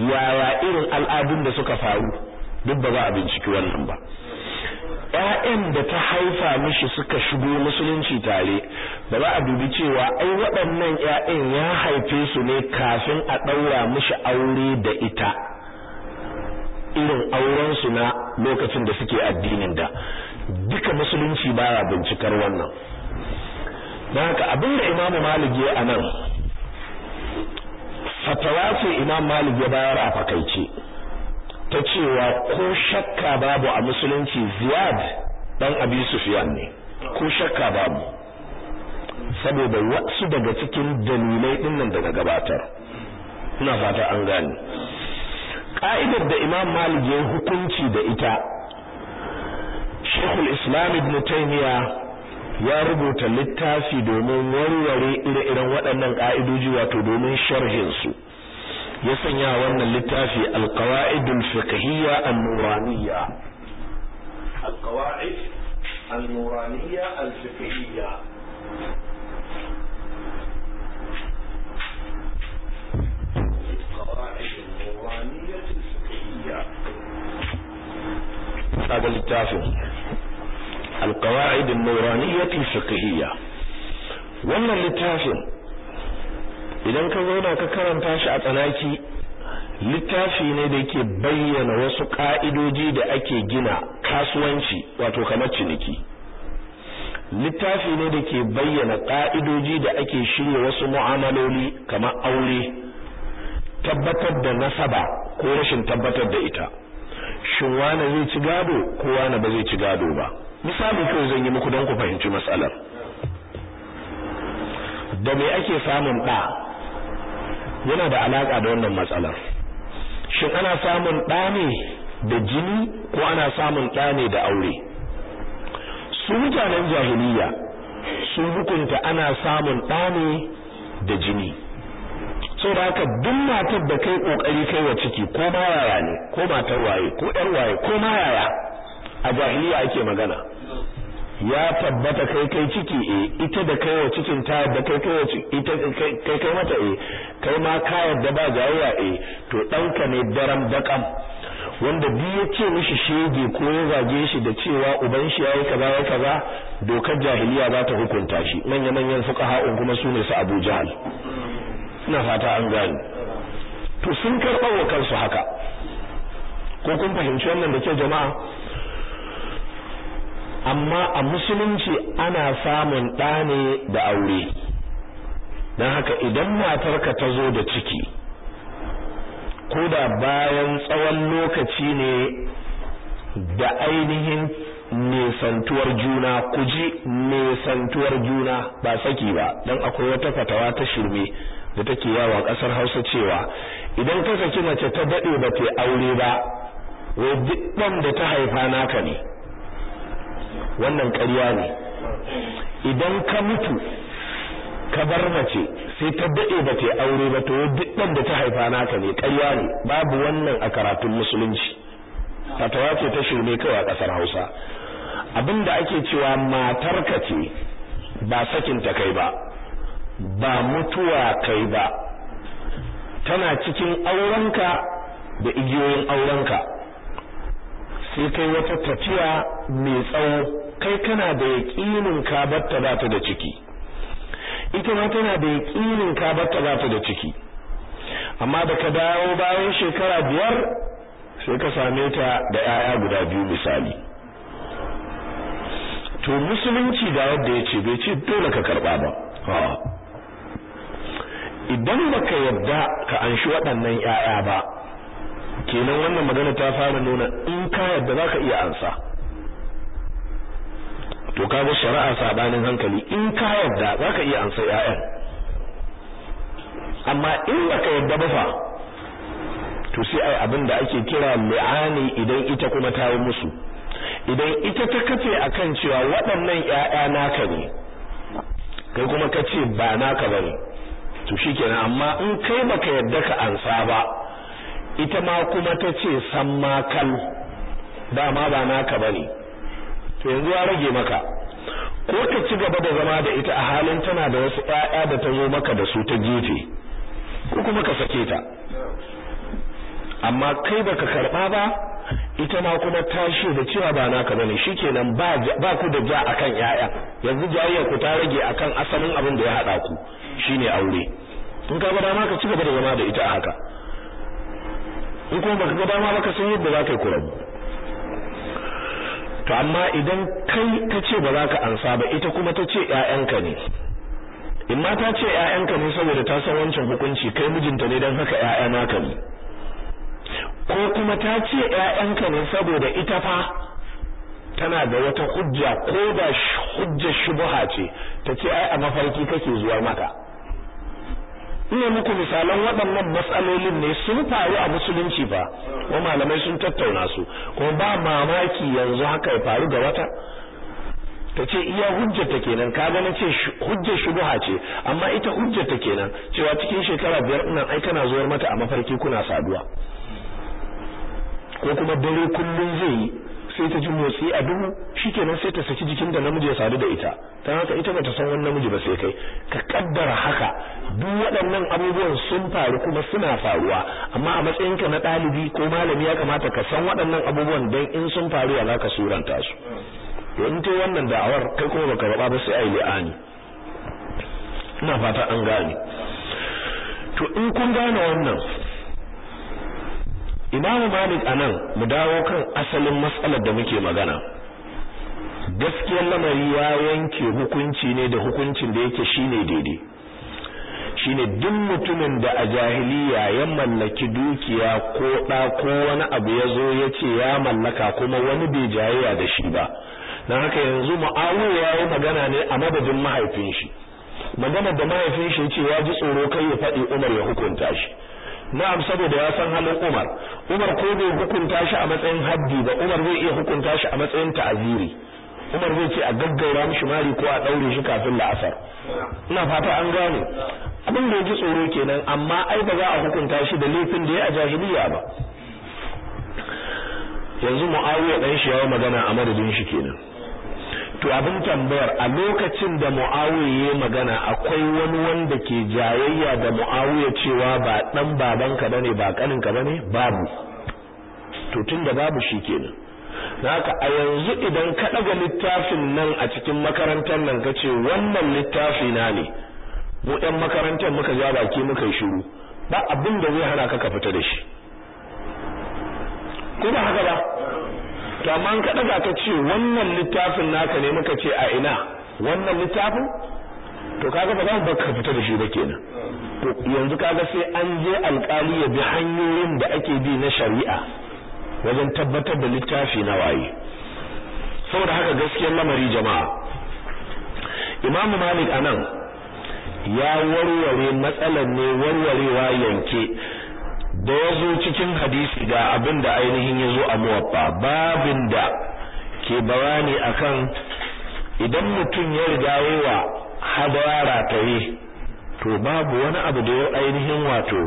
yaya irin al'adun da suka faru duk ba za a binciki wannan ba ‘ya'yan da ta haifa mishi suka shigo musulunci tare ba za a dubi cewa ai waɗannan ‘ya'yan ya haife su ne kafin a ɗaura mishi aure da ita irin aurensu na lokacin da suke addinin da duka musulunci baya bincikar wannan don haka abinda imamu malik a nan fatawa ce imam malik ya bayar a fakaice ta cewa ko shakka babu a musulunci ziyad dan abi sufyan ne ko shakka babu saboda wasu daga cikin dalilai dinnan daga gabatar ina fata an gane ka'idar da imam malik ya hukunci da ita shekul islam ibn taimiyya. ya rubuta littafi domin warware ire-iren waɗannan ƙa'idoji wato domin sharhinsu ya sanya wannan littafi alƙawa'idul fiqhiyya an-nuraniyya alƙawa'id an-nuraniyya al-fiqhiyya alƙawa'id an-nuraniyya al littafin القواعد النورانية الفقهية wannan littafin idan ka zauna ka karanta shi a tsanaki littafi ne da yake bayyana wasu ka'idoji da ake gina kasuwanci wato kamar ciniki littafi ne da ke bayyana ka'idoji da ake shirya wasu mu'amaloli kamar aure tabbatar da nasaba ko rashin tabbatar da ita shin wane zai ci gado ko wane ba zai ci gado ba misali kawai zan yi muku don ku fahimci matsalar da me ake samun ɗa yana da alaƙa da wannan matsalar shin ana samun ɗa ne da jini ko ana samun ɗa ne da aure su mutanen jahiliya su hukunta ana samun ɗa ne da jini saboda haka duk matar da kai ƙoƙari kai wa ciki ko ma yaya ne ko matar waye ko ɗan waye ko ma yaya a jahiliya ake magana ya tabbata kai kai ciki e ita da kai wa cikin ta da kai kai wa ciki ita kai kai mata e kai ma ka yadda ba jayayya e to ɗanka ne daram daƙam wanda biyu ya ce mishi shege ko ya zage shi da cewa uban shi yayi kaza ya kaza dokar jahiliya za ta hukunta shi manya manyan un kuma su ne su Abu Jahl ina fata an gani to sun karɓa wa kansu haka ko kun fahimci wannan da ke jama'a amma a musulunci ana samun ɗa ne da aure don haka idan matarka ta zo da ciki ko da bayan tsawon lokaci ne da ainihin nesantuwar juna kuji nesantuwar juna ba saki ba don akwai wata fatawa ta shirme da take yawa ƙasar hausa cewa idan ka saki mace ta daɗe ba ta aure ba wai duk da ta haifa naka ne wannan ƙarya ne idan ka mutu ka bar mace sai ta daɗe ba ta aure ba to duk ɗan da ta haifa naka ne ƙarya ne babu wannan a karatun musulunci fatawa ce ta shirme kawai a ƙasar hausa abin da ake cewa matar ka ce ba sakin ta kai ba ba mutuwa kai ba tana cikin aurenka da igiyoyin aurenka sai kai wata tafiya mai tsawo kai kana da yaƙinin ka batta bata da ciki ita ma tana da yaƙinin ka batta bata da ciki amma da ka dawo bayan shekara biyar sai ka same ta da 'ya'ya guda biyu misali to musulunci da yadda ya ce bai ce dole ka karba ba idan baka yadda ka anshi waɗannan 'ya'ya ba kenan wannan magana ta fara nuna in ka yadda zaka iya ansa to kaga shari'a sabanin hankali in ka yadda zaka iya ansa 'ya'yan amma in baka yadda ba fa to sai ai abin da ake kira li'ani idan ita kuma ta yi musu idan ita ta kace akan cewa waɗannan ƴaƴa naka ne kai kuma kace ba naka bane to shikenan amma in kai baka yadda ka ansa ba ita ma kuma ta ce san ma dama ba naka bane to yanzu ya rage maka ko ka ci gaba da zama da ita a halin tana da wasu ƴaƴa da ta zo maka da su ta gefe ko kuma ka sake ta amma kai baka karɓa ba ita ma kuma shi da cewa ba naka bane shikenan ba ba ku da ja akan ƴaƴa yanzu jayyar ku ta rage akan asalin abin da ya haɗa ku shine aure in ka ba dama ka ci gaba da zama da ita a haka in kuma baka ga dama baka san yadda zaka yi kurabi to amma idan kai ka ce ba za ka ansa ba ita kuma ta ce ‘ya'yanka ne in ma ta ce ‘ya'yanka ne saboda ta san wancan hukunci kai mijinta ne dan haka ‘ya'ya ka ne ko kuma ta ce ‘ya'yanka ne saboda ita fa tana da wata hujja ko da hujjar shubuha ce ta ce ai a mafarki kake zuwa maka ina muku misalan waɗannan matsalolin ne sun faru a musulunci ba ko malamai sun tattauna su kuma ba mamaki yanzu haka ya faru da wata ta ce iya hujjata kenan ka gani ce hujjar shubuha ce amma ita hujjata kenan cewa cikin shekara biyar ina ai kana zuwar mata a mafarki kuna saduwa ko kuma dare kullum zai yi sai ta ji motsi a duhu shikenan sai ta saki jikin da namiji ya sadu da ita ta haka ita bata san wani namiji ba sai kai ka kaddara haka duk waɗannan abubuwan sun faru kuma suna faruwa amma a matsayin ka na ɗalibi ko malami ya kamata ka san waɗannan abubuwan don in sun faru ya zaka suranta su to in ta wannan da'awar kai kuma baka raba ba sai ayi li'ani ina fata an gane to in kun gane wannan imamu malik nan mu dawo kan asalin matsalar da muke magana gaskiyar lamari ya yanke hukunci ne da hukuncin da yake shine daidai shine duk mutumin da a jahiliya ya mallaki dukiya ko ɗa ko wani abu ya zo ya ce ya mallaka kuma wani bai jayayya da shi ba don haka yanzu mu'awiya ya yi magana ne a madadin mahaifin shi magana da mahaifin shi ce ya ji tsoro kai ya faɗi umar ya hukunta shi na'am saboda ya san halin Umar Umar ko bai hukunta shi a matsayin haddi ba Umar zai iya hukunta shi a matsayin ta'aziri Umar zai ce a gaggaura mishi mari ko a daure shi kafin la'asar ina fata an gane abin da ji tsoro kenan amma ai ba za a hukunta shi da laifin da ya a jahiliya ba yanzu Muawiya dan shi yawa magana a madadin shi kenan to abin tambayar a lokacin da mu'awiya ya magana akwai wani wanda ke jayayya da mu'awiya cewa ba dan ka bane ba kaninka bane babu to tunda babu shikenan naka a yanzu idan ka daga littafin nan a cikin makarantar nan kace wannan littafi na ne mu ɗan makarantar muka ja baki muka yi shiru ba abin da zai hana ka ka fita da shi ko ba haka ba to amma ka daga ka ce wannan littafin naka ne muka ce a ina wannan littafin to kaga ba za mu baka fita da shi ba kenan to yanzu kaga sai an je alkali ya bi hanyoyin da ake bi na shari'a wajen tabbatar da littafi na waye saboda haka gaskiyar lamari jama'a imamu malik anan ya warware matsalar ne warwarewa yanke da ya zo cikin hadisi ga abin da ainihin ya zo a muwaffa babin da ke bayani akan idan mutum ya riga wa hadara yi to babu wani abu da ya ainihin wato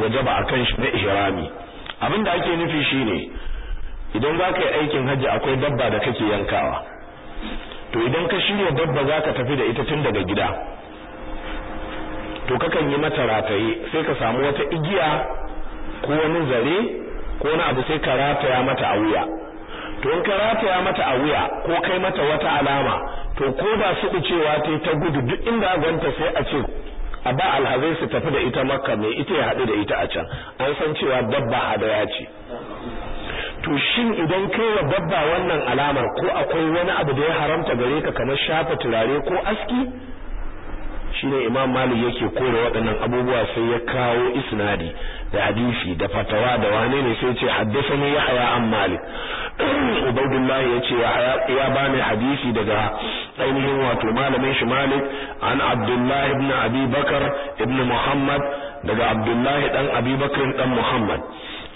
wajaba kan shi na ihrami abin da ake nufi shi ne idan za ka yi aikin hajji akwai dabba da kake yankawa to idan ka shirya dabba za ka tafi da ita tun daga gida to kakan yi mata rataye sai ka samu wata igiya ko wani zare ko wani abu sai ka rataya mata a wuya to in ka rataya mata a wuya ko kai mata wata alama to ko ba su cewa ta ta gudu duk inda gwanta sai a ce a ba alhazai su tafi da ita makka mai ita ya haɗu da ita a can an san cewa dabba hadaya ce to shin idan kai wa dabba wannan alamar ko akwai wani abu da ya haramta gare ka kamar shafa turare ko aski shine imam malik yake kore waɗannan abubuwa sai ya kawo isnadi da hadisi da fatawa da wane ne sai ce haddathani haya an malik ubaidullah yace ya bani hadisi daga ainihin wato malamin shi malik an abdullah ibn abi bakar ibn muhammad daga abdullah dan abi bakar dan muhammad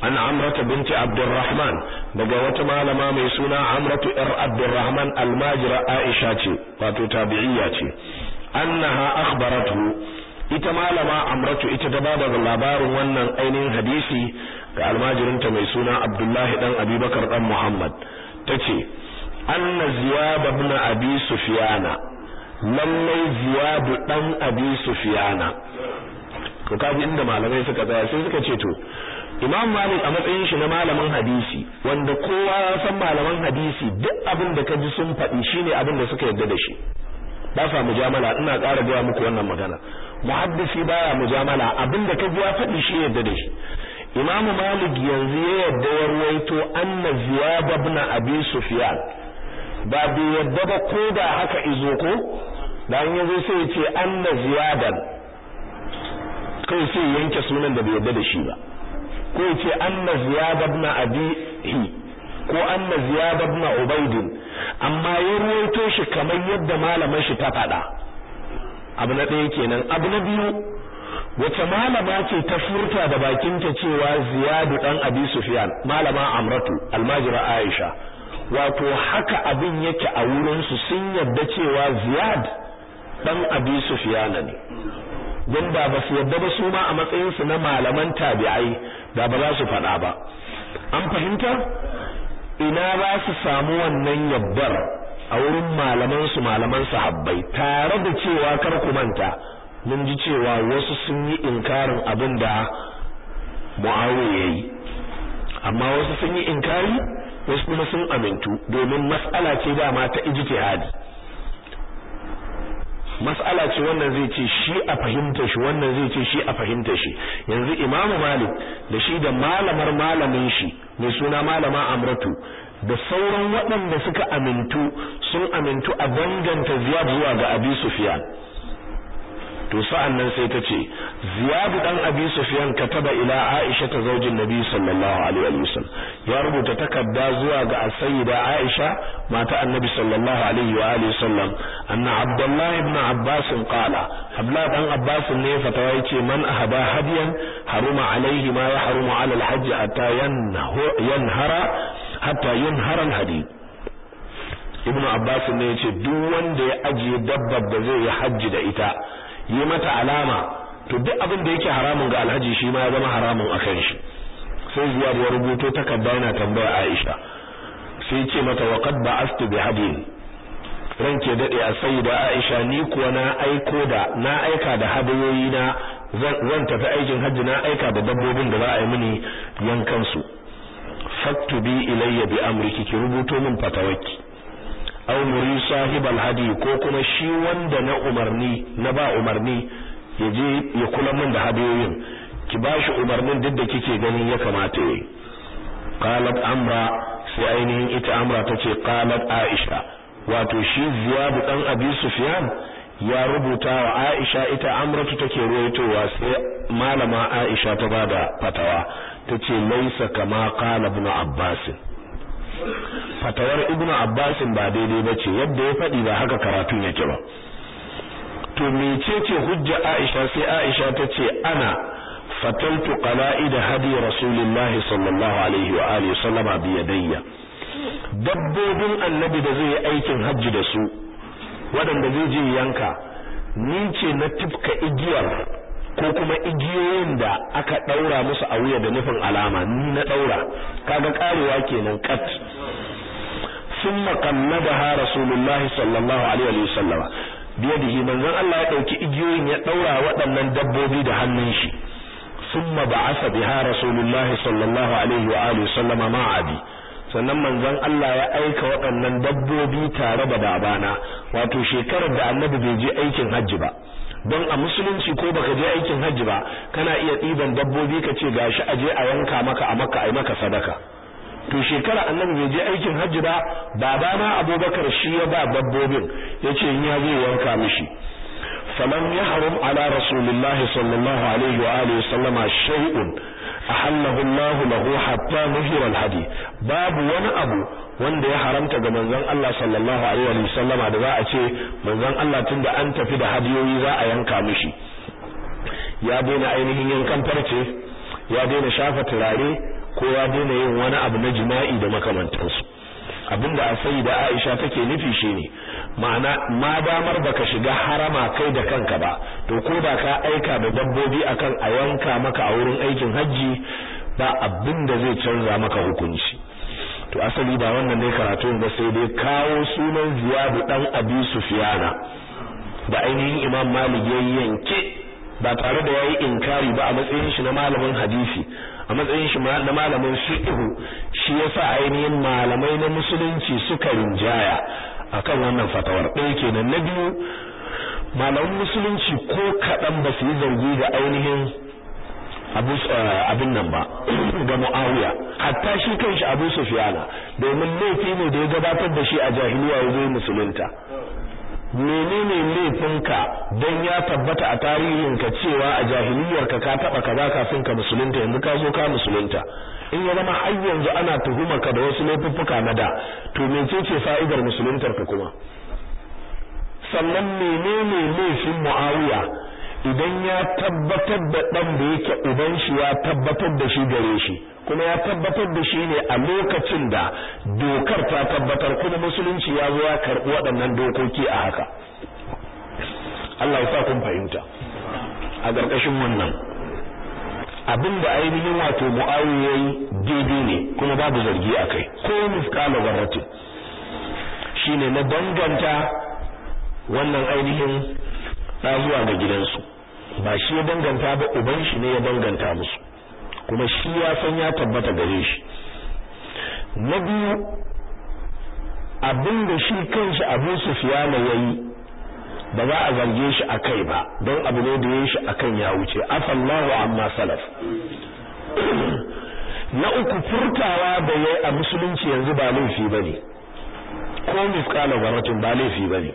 an amrata binti abdurrahman daga wata malama mai suna amratu yar abdurrahman almajira aisha ce wato tabi'iyya ce annaha akhbaratu ita malama amratu ita ta bada labarin wannan ainihin hadisi ga almajirinta mai suna abdullahi dan abubakar dan muhammad tace anna ziyad ibn abi sufyana lallai ziyad dan abi sufyana to kaji inda malamai suka tsaya sai suka ce to imam malik a matsayin shi na malamin hadisi wanda kowa ya san malaman hadisi duk abin da ka ji sun faɗi shine abin da suka yarda da shi ba sa mujamala ina ƙara gaya muku wannan magana muhaddisi ya mujamala abinda ka kaji ya faɗi shi yadda da shi imam malik yanzu ya yadda ya ruwaito anna ziyad ibn abi sufyan ba bai yadda ba ko da haka izo ko dan yanzu sai ya ce anna ziyad kai sai yanke sunan da bai yadda da shi ba ko ya ce anna ziyad ibn abi ko anna ziyad ibn ubayd amma ya ruwaito shi kamar yadda malaman shi ta faɗa abu na ɗaya kenan abu na biyu wace malama ce ta furta da bakin ta cewa ziyadu dan abi sufyan malama amratu almajira aisha wato haka abin yake a wurin su sun yadda cewa ziyad dan abi sufyan ne don da ba su yadda ba su ma a matsayin su na malaman tabi'ai da ba za su faɗa ba an fahimta ina ba su samu wannan yabbar a wurin malaman su malaman sahabbai tare da cewa kar ku manta mun ji cewa wasu sun yi inkarin abin da Muawiya yayi amma wasu sun yi inkari wasu kuma sun amintu domin mas'ala ce dama ta ijtihadi mas'ala ce wannan zai ce shi a fahimta shi wannan zai ce shi a fahimta shi yanzu imamu malik da shi da malamar malamin shi mai suna malama amratu da sauran waɗanda suka amintu sun amintu a danganta ziyad zuwa ga abi sufyan to sa'an nan sai ta ce ziyadu dan abi sufyan kataba ila aisha ta zaujin nabi sallallahu alaihi wa wasallam ya rubuta takarda zuwa ga sayyida aisha mata annabi sallallahu alaihi wa alihi wasallam anna abdullah ibn abbas qala abdullah dan abbas ne fatawa yace man ahaba hadiyan haruma alaihi ma yahrumu ala alhajj hatta yanhara hatta yanhara alhadid ibnu abbas ne yace duk wanda ya ajiye dabbar da zai yi hajji da ita yi mata alama to duk abin da yake haramun ga alhaji shi ma ya zama haramun a kan shi sai ziyar ya rubuto takarda yana tambaya Aisha sai ce mata wa qad ba'astu bi hadin ranke dade a sayyida Aisha ni kuwa na aiko da na aika da hadiyoyi na zan tafi aikin hajji na aika da dabbobin da za a yi mini yankan su faktubi ilayya bi amriki ki rubuto min fatawaki au muri sahibal hadi ko kuma shi wanda na umarni na ba umarni ya je ya kula min da hadiyoyin ki ba shi umarnin duk da kike ganin ya kamata yi qalat amra sai ainihin ita amra tace qalat aisha wato shi ziyad dan abi sufyan ya rubuta wa aisha ita amratu take ruwaitowa sai malama aisha ta bada fatawa tace laisa kama qala ibn abbas fatawar ibnu abbasin ba daidai ba ce yadda ya faɗi ba haka karatun yake ba to mecece hujja aisha sai aisha ta ce ana fataltu qala'id hadi rasulillahi sallallahu alaihi wa alihi sallama bi yadayya dabbobin annabi da zai aikin hajji da su waɗanda zai je yanka ni ce na tifka igiyar ko kuma igiyoyin da aka daura musu a wuya da nufin alama ni na daura kaga karewa kenan kat summa ha rasulullahi sallallahu alaihi wa sallama biyadihi manzon Allah ya dauki igiyoyin ya daura waɗannan dabbobi da hannun shi summa ba'asa biha rasulullahi sallallahu alaihi wa alihi wa ma'abi sannan manzon Allah ya aika waɗannan dabbobi tare da babana wato shekarar da annabi bai je aikin hajji ba don a musulunci ko baka je aikin hajji ba kana iya ɗiban dabbobi ka ce gashi aje a yanka maka a maka ai maka sadaka to shekara annabi bai je aikin hajji ba babana abubakar shi ya ba dabbobin ya ce in ya zo yanka mishi falam yahrum ala rasulillahi sallallahu alaihi wa alihi shay'un ahallahu Allahu lahu hatta nuhira alhadi babu wani abu wanda ya haramta ga manzon Allah sallallahu alaihi wa sallama da za a ce manzon Allah tunda an tafi da hadiyoyi za a yanka mishi ya daina ainihin yankan farce ya daina shafa turare ko ya daina yin wani abu na jima'i da makamantansu abinda a sai da Aisha take nufi shine ma'ana ma damar baka shiga harama kai da kanka ba to ko da ka aika da dabbobi akan a yanka maka a wurin aikin hajji ba abin da zai canza maka hukunci to asali ba wannan ne karatu ba sai dai kawo sunan ziyadu dan abi sufiyana da ainihin imam malik ya yanke ba tare da yayi inkari ba a matsayin shi na malamin hadisi a matsayin shi na malamin fiqh shi yasa ainihin malamai na musulunci suka rinjaya akan wannan fatawar ɗaya kenan na biyu malaman musulunci ko kaɗan ba su yi zargi da ainihin eh, abin nan ba ga mu'awiya hatta shi kanshi abu sufiyana domin laifi ne da ya gabatar da shi a jahiliya ya zo musulunta menene laifinka don ya tabbata a tarihinka cewa a jahiliyarka ka taba kaza kafin ka musulunta yanzu ka zo ka musulunta in ya zama har yanzu ana tuhumarka da wasu laifuffuka na da to mecece fa'idar musuluntarka kuma sannan menene laifin muawiya idan ya tabbatar da ɗan da yake uban shi ya tabbatar da shi gare shi kuma ya tabbatar da shi ne a lokacin da dokar ta tabbatar kuma musulunci ya zo ya karɓi waɗannan dokoki a haka Allah ya sa kun fahimta a ƙarƙashin wannan abin da ainihin wato mu'awiya yi daidai ne kuma babu zargi a kai ko mifkala zarratin shine na danganta wannan ainihin na ga gidansu ba shi ya danganta ba uban shi ne ya danganta musu kuma shi ya san ya tabbata gare shi na biyu abinda shi kanshi Abu ya yayi ba za a zarge shi a kai ba don abu ne da ya shi a kan ya wuce afallahu amma salaf na uku furtawa da ya a musulunci yanzu ba laifi ba ne ko miskala gwamnatin ba laifi ba ne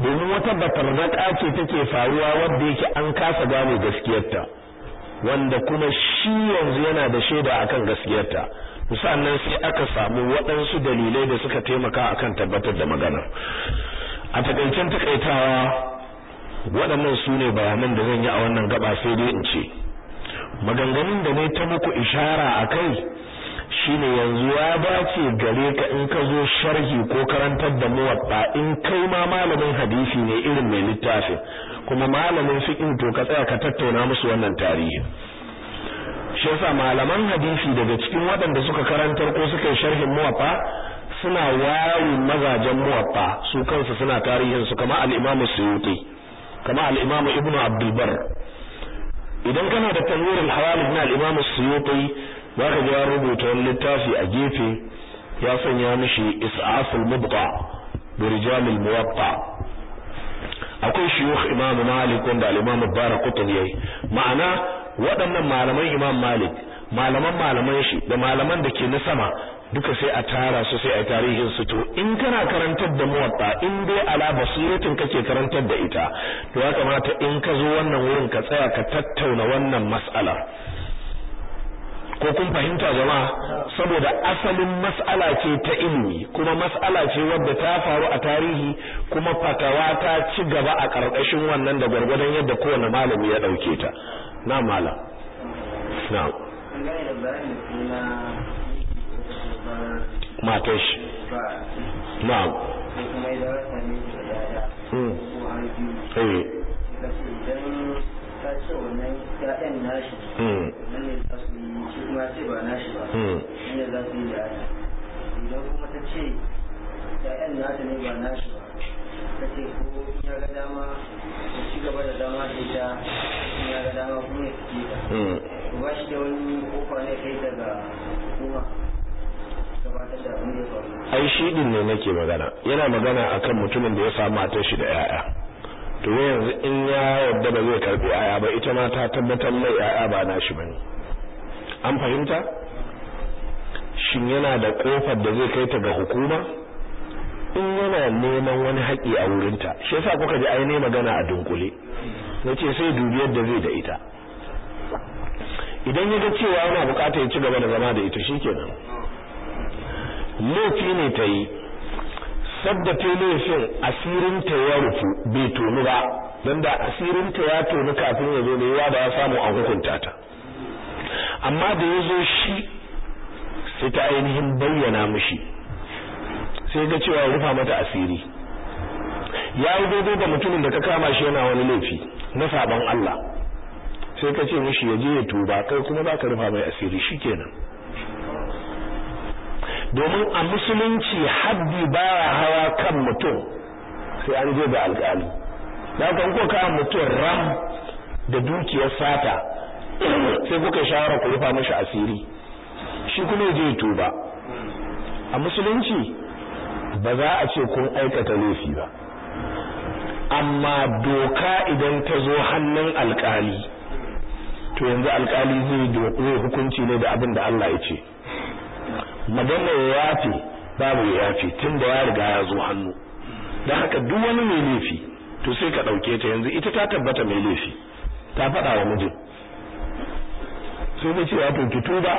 domin wata batarraka ce take faruwa wadda yake an kasa gane gaskiyarta wanda kuma shi yanzu yana da shaida akan gaskiyarta sannan sai aka samu waɗansu dalilai da suka taimaka akan tabbatar da magana. a takaicen takaitawa waɗannan su ne bayanan da zan yi a wannan gaba sai dai in ce maganganun da ne ta muku ishara a kai shine yanzu ya dace gare ka in ka zo sharhi ko karantar da muwatta in kai ma malamin hadisi ne irin mai littafi kuma malamin fiqh to ka tsaya ka tattauna musu wannan tarihi shi yasa malaman hadisi daga cikin waɗanda suka karantar ko suka yi sharhin muwatta suna wari mazajen muwatta su kansu suna tarihin su kama al-Imam Suyuti kama al-Imam Ibn Abdul Barr idan kana da tanwirul hawali na al-Imam Suyuti zaka ka ya rubuta wani littafi a gefe ya sanya mishi is'aful mubqa bi rijalil muwaqqa akwai shiyukh imamu malik wanda al-imam ad yayi ma'ana waɗannan malaman imam malik malaman malaman shi da malaman da ke na sama duka sai a tara su sai a tarihin su to in kana karantar da muwatta in dai ala basiratin kake karantar da ita to ya kamata in ka zo wannan wurin ka tsaya ka tattauna wannan mas'ala ko kun fahimta jama'a saboda asalin mas'ala ce ta ilimi kuma mas'ala ce wadda ta faru a tarihi kuma fatawa ta ci gaba a ƙarƙashin wannan da gwargwadon yadda kowane malami ya ɗauke ta na malam na matashi na Hmm. Hey. Eh. ta ce wannan ya'yan nashi hmm. nan ne za su yi shi kuma ce ba nashi ba shi hmm. ne za su yi ya'yan idan kuma ta ce ya'yan nata ne ba nashi ba ta ce ko ya ga dama da ci gaba da dama ta ita ya ga dama kuma ya fi ta hmm. ba shi da wani kofa ne kai daga kuma ai shi din ne nake magana yana magana akan mutumin da ya samu matar shi da 'ya'ya to yanzu in ya yarda ba zai karbi aya ba ita ma ta tabbatar mai aya ba nashi bane an fahimta shin yana da kofar da zai kai ta ga hukuma in yana neman wani haƙi a wurinta shi yasa kuka ji ai ne magana a dunkule nace sai dubi yadda zai da ita idan ya ga cewa yana bukatar ya ci gaba da zama da ita shikenan laifi ne ta yi sadda ta laifin asirinta ya rufu bai tonu ba don da asirinta ya tonu kafin ya zo da ya da ya samu a hukunta ta amma da ya zo shi sai ta ainihin bayyana mishi sai ga cewa rufa mata asiri ya yi daidai da mutumin da ka kama shi yana wani laifi na sabon Allah sai ka ce mishi ya je ya tuba kai kuma za ka rufa mai asiri shikenan domin a musulunci haddi baya hawa kan mutum sai an je ga alƙali da kan ko ka mutum ram da dukiyar sata sai kuka shawara ku rufa mashi asiri shi kuma je tuba a musulunci ba za a ce kun aikata laifi ba amma doka idan ta zo hannun alkali to yanzu alkali zai hukunci ne da abin da Allah ya ce magana ya yafe babu ya yafe tun da ya riga ya zo hannu da haka duk wani mai laifi to sai ka ɗauke ta yanzu ita ta tabbata mai laifi ta faɗa wa mijin sai da cewa to ki tuba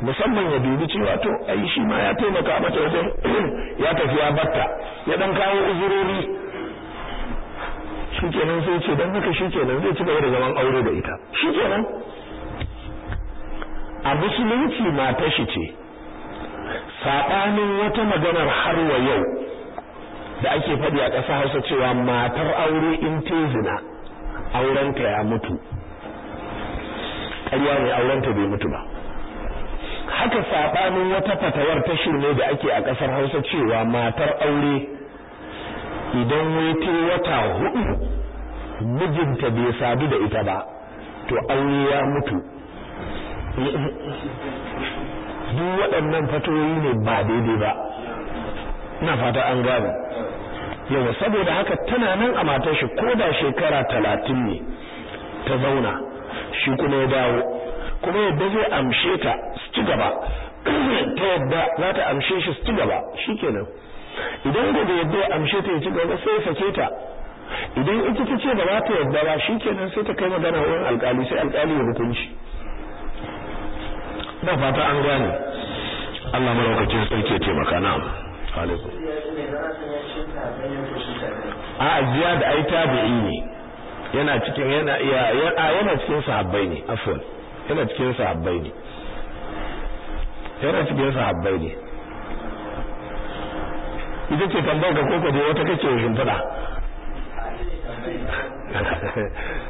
musamman ya dubi cewa to ai shi ma ya taimaka mata wajen ya tafi ya batta ya dan kawo uzurori shikenan sai ce dan haka shikenan zai ci gaba da zaman aure da ita shikenan a musulunci mata shi ce saɓanin wata maganar har wa yau da ake faɗi a ƙasa hausa cewa matar aure in zina aurenta ya mutu ƙarya ne aurenta bai mutu ba haka saɓanin wata fatawar ta shirme da ake a ƙasar hausa cewa matar aure idan wata wata hudu mijinta bai sadu da ita ba to aure ya mutu duk waɗannan fatoyi ne ba daidai ba ina fata an gane yawa saboda haka tana nan a matar shi ko da shekara talatin ne ta zauna shi kuma ya dawo kuma yadda zai amshe ta su ci gaba ta yadda za ta amshe shi su ci gaba shikenan idan gaba yadda ya amshe ta ya ci gaba sai sake ta idan ita ta ce ba za ta yadda ba shikenan sai ta kai magana wurin alkali sai alkali ya hukunci ba fata an gane Allah malaukakin sarki ce taimaka na alaikum a ajiya da ai tabi'i ne yana cikin yana yana cikin sahabbai ne afwan yana cikin sahabbai ne yana cikin sahabbai ne idan ce tambayar ka koko da wata kake shimfiɗa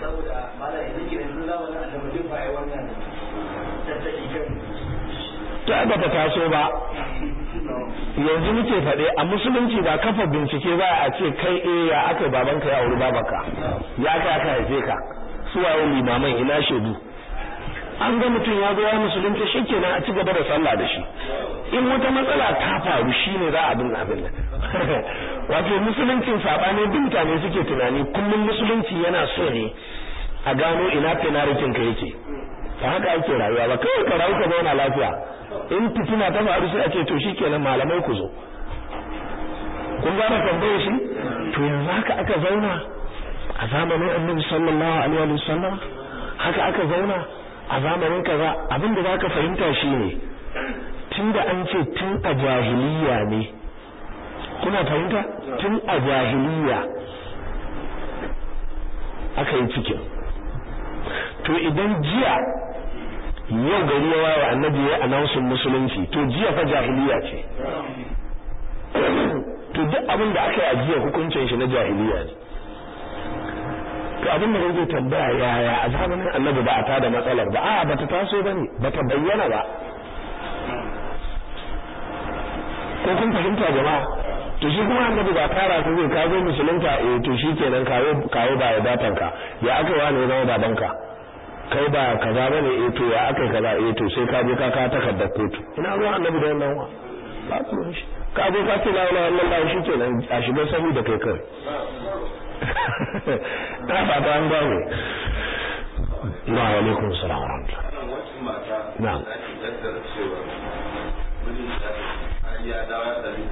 saboda malam yake da nuna wannan annabi ba ta ba ta taso ba yanzu muke faɗe a musulunci ba kafa bincike ba a ce kai eh ya aka babanka ya auri babanka ya aka aka haife ka suwaye limaman ina shedu. an ga mutum ya zo ya musulunta shi kenan a ci gaba da sallah da shi in wata matsala ta faru shi ne za a bin abin nan wato musuluncin sabanin binta ne suke tunani kullum musulunci yana so ne a gano ina fenarikin ka yake ta haka ake rayuwa ba kawai ka rayu ka zauna lafiya in fitina ta faru sai a ce to shikenan malamai ku zo kun gane tambayar shi to yanzu haka aka zauna a zamanin annabi sallallahu alaihi sallam haka aka zauna a zamanin kaza abin da zaka fahimta shine tunda an ce tun a jahiliya ne kuna fahimta tun a jahiliya aka yi cikin to idan jiya yau gari ya wawa annabi ya anausun musulunci to jiya fa jahiliya ce to duk abin da aka yi a jiya hukuncin shi na jahiliya ne to abin da zai tambaya yaya a zamanin annabi ba a tada matsalar ba a bata taso bane ta bayyana ba ko kun fahimta jama'a to shi kuma annabi ba kara ka zai kawo musulunta eh to shi kenan kawo kawo ba wadatan ka ya aka wani ne zama baban ka kai ba kaza bane eh to ya aka kaza eh to sai ka je ka ka takardar kotu ina ruwan annabi da wannan wa ba ku shi ka je ka ce la ilaha illallah shi kenan a shiga sahu da kai kai ta fata an gane na alaikum salam wa rahmatullah na'am ya dawo da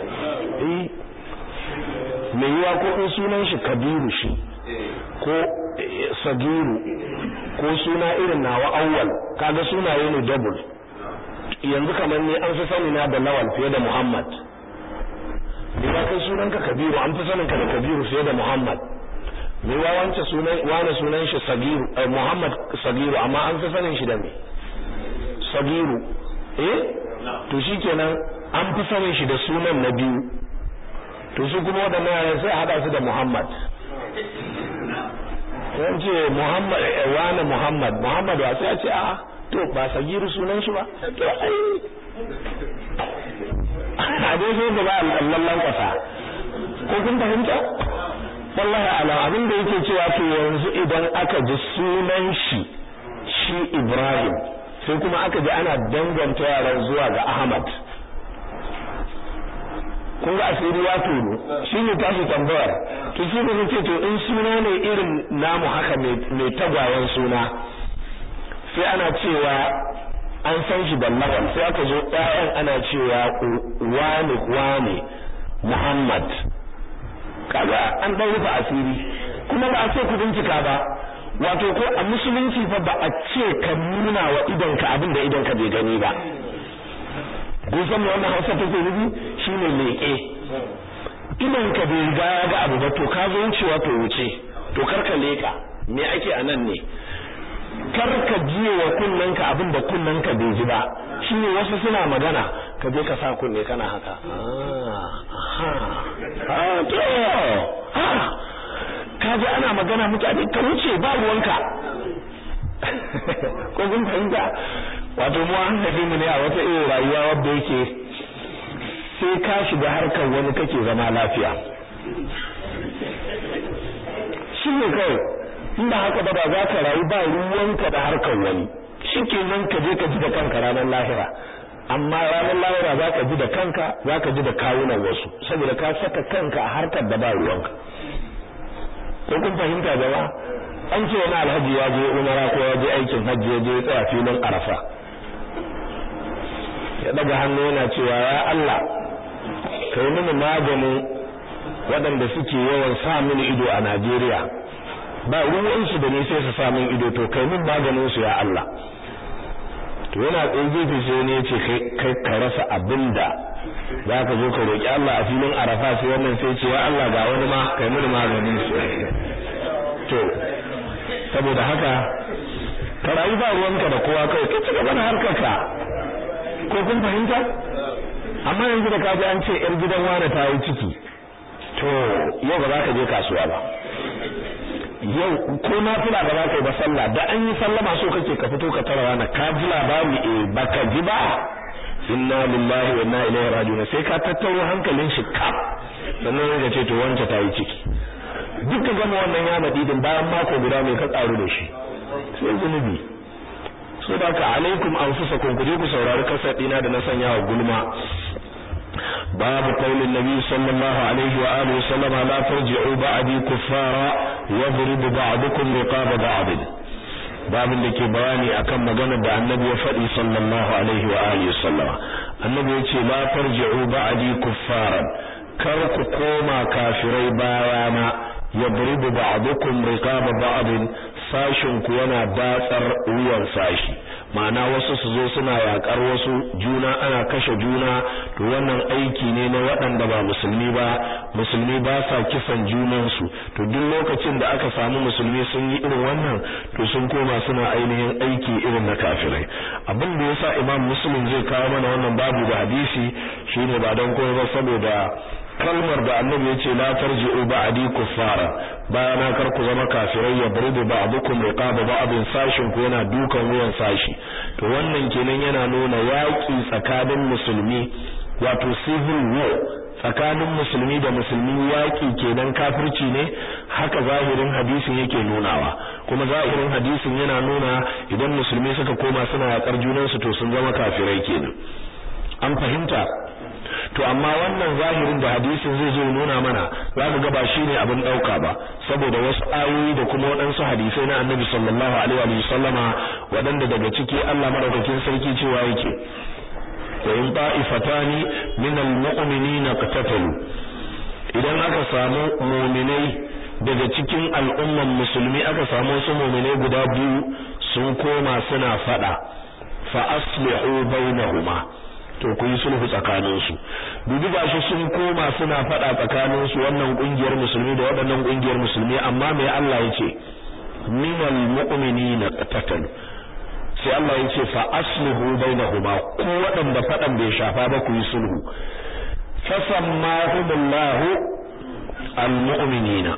eh mai yiwa ko sunan shi kabiru shi ko eh, sagiru ko suna irin nawa awwal kaga sunaye ne double yanzu kamar ne an fi sani na da lawal fiye da muhammad me ba kai sunan ka kabiru an fi sanin ka da kabiru fiye da muhammad me ba wance sunan wani sunan shi sagiru eh, muhammad sagiru amma an fi sanin shi da me sagiru eh to shikenan an fi sanin shi da sunan na biyu to su kuma waɗannan yaran sai haɗa su da Muhammad yan ce Muhammad eh, wani Muhammad Muhammad wa sai a ce a, to ba sagiru sunan shi ba to ai a dai sai da ba lallan kasa ko kun fahimta wallahi ala abin da yake cewa to yanzu idan aka ji sunan shi shi Ibrahim sai kuma aka ji ana danganta yaran zuwa ga Ahmad kun ga asiri ya tono shi ne tashi tambayar to su da ce to in suna ne irin namu haka mai tagwayen suna sai ana cewa an san shi ballawan sai aka zo ɗayan ana cewa wani wani muhammad kaga an ɗan rufe asiri kuma ba a ce ku bincika ba wato ko a musulunci fa ba a ce ka nuna wa idonka abin da idonka bai gani ba kun san wannan hausa take nufi shine leƙe idan ka bai riga ya ga abu ba to ka zo wucewa to wuce to karka leƙa me ake a nan ne karka jiye wa kunnanka abin da kunnanka bai ji ba shi ne wasu suna magana ka je ka sa kunne kana haka ah, ah, ka ji ana magana mutane ka wuce ba ruwanka ko kun fahimta wato mu an tafi mu ne a wata irin rayuwa wadda yake sai ka shiga harkar wani kake zama lafiya shi ne kawai in ba haka ba ba za ka rayu ba ruwanka da harkar wani shi ke nan ka je ka ji da kanka ranar lahira amma ranar lahira za ka ji da kanka za ka ji da kawunan wasu saboda ka saka kanka a harkar da ba ruwanka ko kun fahimta jama'a an ce wani alhaji ya je umara ko ya je aikin hajji ya je tsaya filin arafa ya daga hannu yana cewa ya Allah kai mini maganin waɗanda suke yawan sa mini ido a Najeriya ba ruwansu da ne sai su sa ido to kai min maganin su ya Allah to yana tsaye sai ne ce kai ka rasa abin da za ka zo ka roƙi Allah a filin arafa sai wannan sai ce ya Allah ga wani ma kai mini maganin su to saboda haka ka rayu ba ruwanka da kowa kawai ka ci gaba da ka, ko kun fahimta amma yanzu da kaji an ce yar gidan wane ta yi ciki to yau ba za ka je kasuwa ba yau ko na fila ba za ka yi ba sallah da an yi sallama so kake ka fito ka tara rana ka ji labari eh baka ji ba inna lillahi wa inna ilaihi raji'un sai ka tattaro hankalin shi kaf sannan ka ce to wance ta yi ciki duk ka gama wannan ya madidin bayan mako guda mai ka karu da shi sai zunubi so da ka alaikum an fusa kunkuri ku saurari kasar dina da na sanya wa gulma باب nabi sallallahu alaihi wa alihi wa وسلم la ترجعوا ba'di كفارا yadrubu ba'dukum رقاب ba'd babin da ke bayani akan maganar da annabi ya faɗi sallallahu alaihi wa alihi wasallam annabi ya ce la tarji'u ba'di kuffaran kar ku koma kafirai bayana yadribu ba'dukum riqaba ba'din sashin ku yana batsar wuyan sashi ma'ana wasu su zo suna yakar wasu juna ana kashe juna to wannan aiki ne na waɗanda ba musulmi ba musulmi ba sa kisan su to duk lokacin da aka samu musulmi sun yi irin wannan to sun koma suna ainihin aiki irin na kafirai abin da yasa imam muslim zai kawo mana wannan babu da hadisi shine ba don komai ba saboda kalmar da annabi ya ce la tarji'u ba'di kuffara bayana kar ku zama kafirai ya burdu ba'dukum ba ba'din sashin ku yana dukan wuyan sashi to wannan kenan yana nuna yaƙi tsakanin musulmi wato civil war tsakanin musulmi da musulmi yaki kenan kafirci ne haka zahirin hadisin yake nunawa kuma zahirin hadisin yana nuna idan musulmi suka koma suna yakar junansu to sun zama kafirai kenan an fahimta to amma wannan zahirin da hadisin zai zo nuna mana za ga ba shi ne abin dauka ba saboda wasu ayoyi da kuma waɗansu hadisai na annabi sallallahu alaihi wa sallama waɗanda daga ciki Allah madaukakin sarki cewa yake wa in ta'ifatani min al-mu'minina qatatalu idan aka samu mu'minai daga cikin al'umman musulmi aka samu wasu mu'minai guda biyu sun koma suna fada fa aslihu bainahuma to ku yi sulhu tsakaninsu dubi ba shi sun koma suna faɗa tsakaninsu wannan ƙungiyar musulmi da waɗannan ƙungiyar musulmi amma mai Allah ya ce minal mu'minina qatatalu sai Allah ya ce fa aslihu bainahuma ko waɗanda faɗan bai shafa ba ku yi sulhu fasammahumullahu almu'minina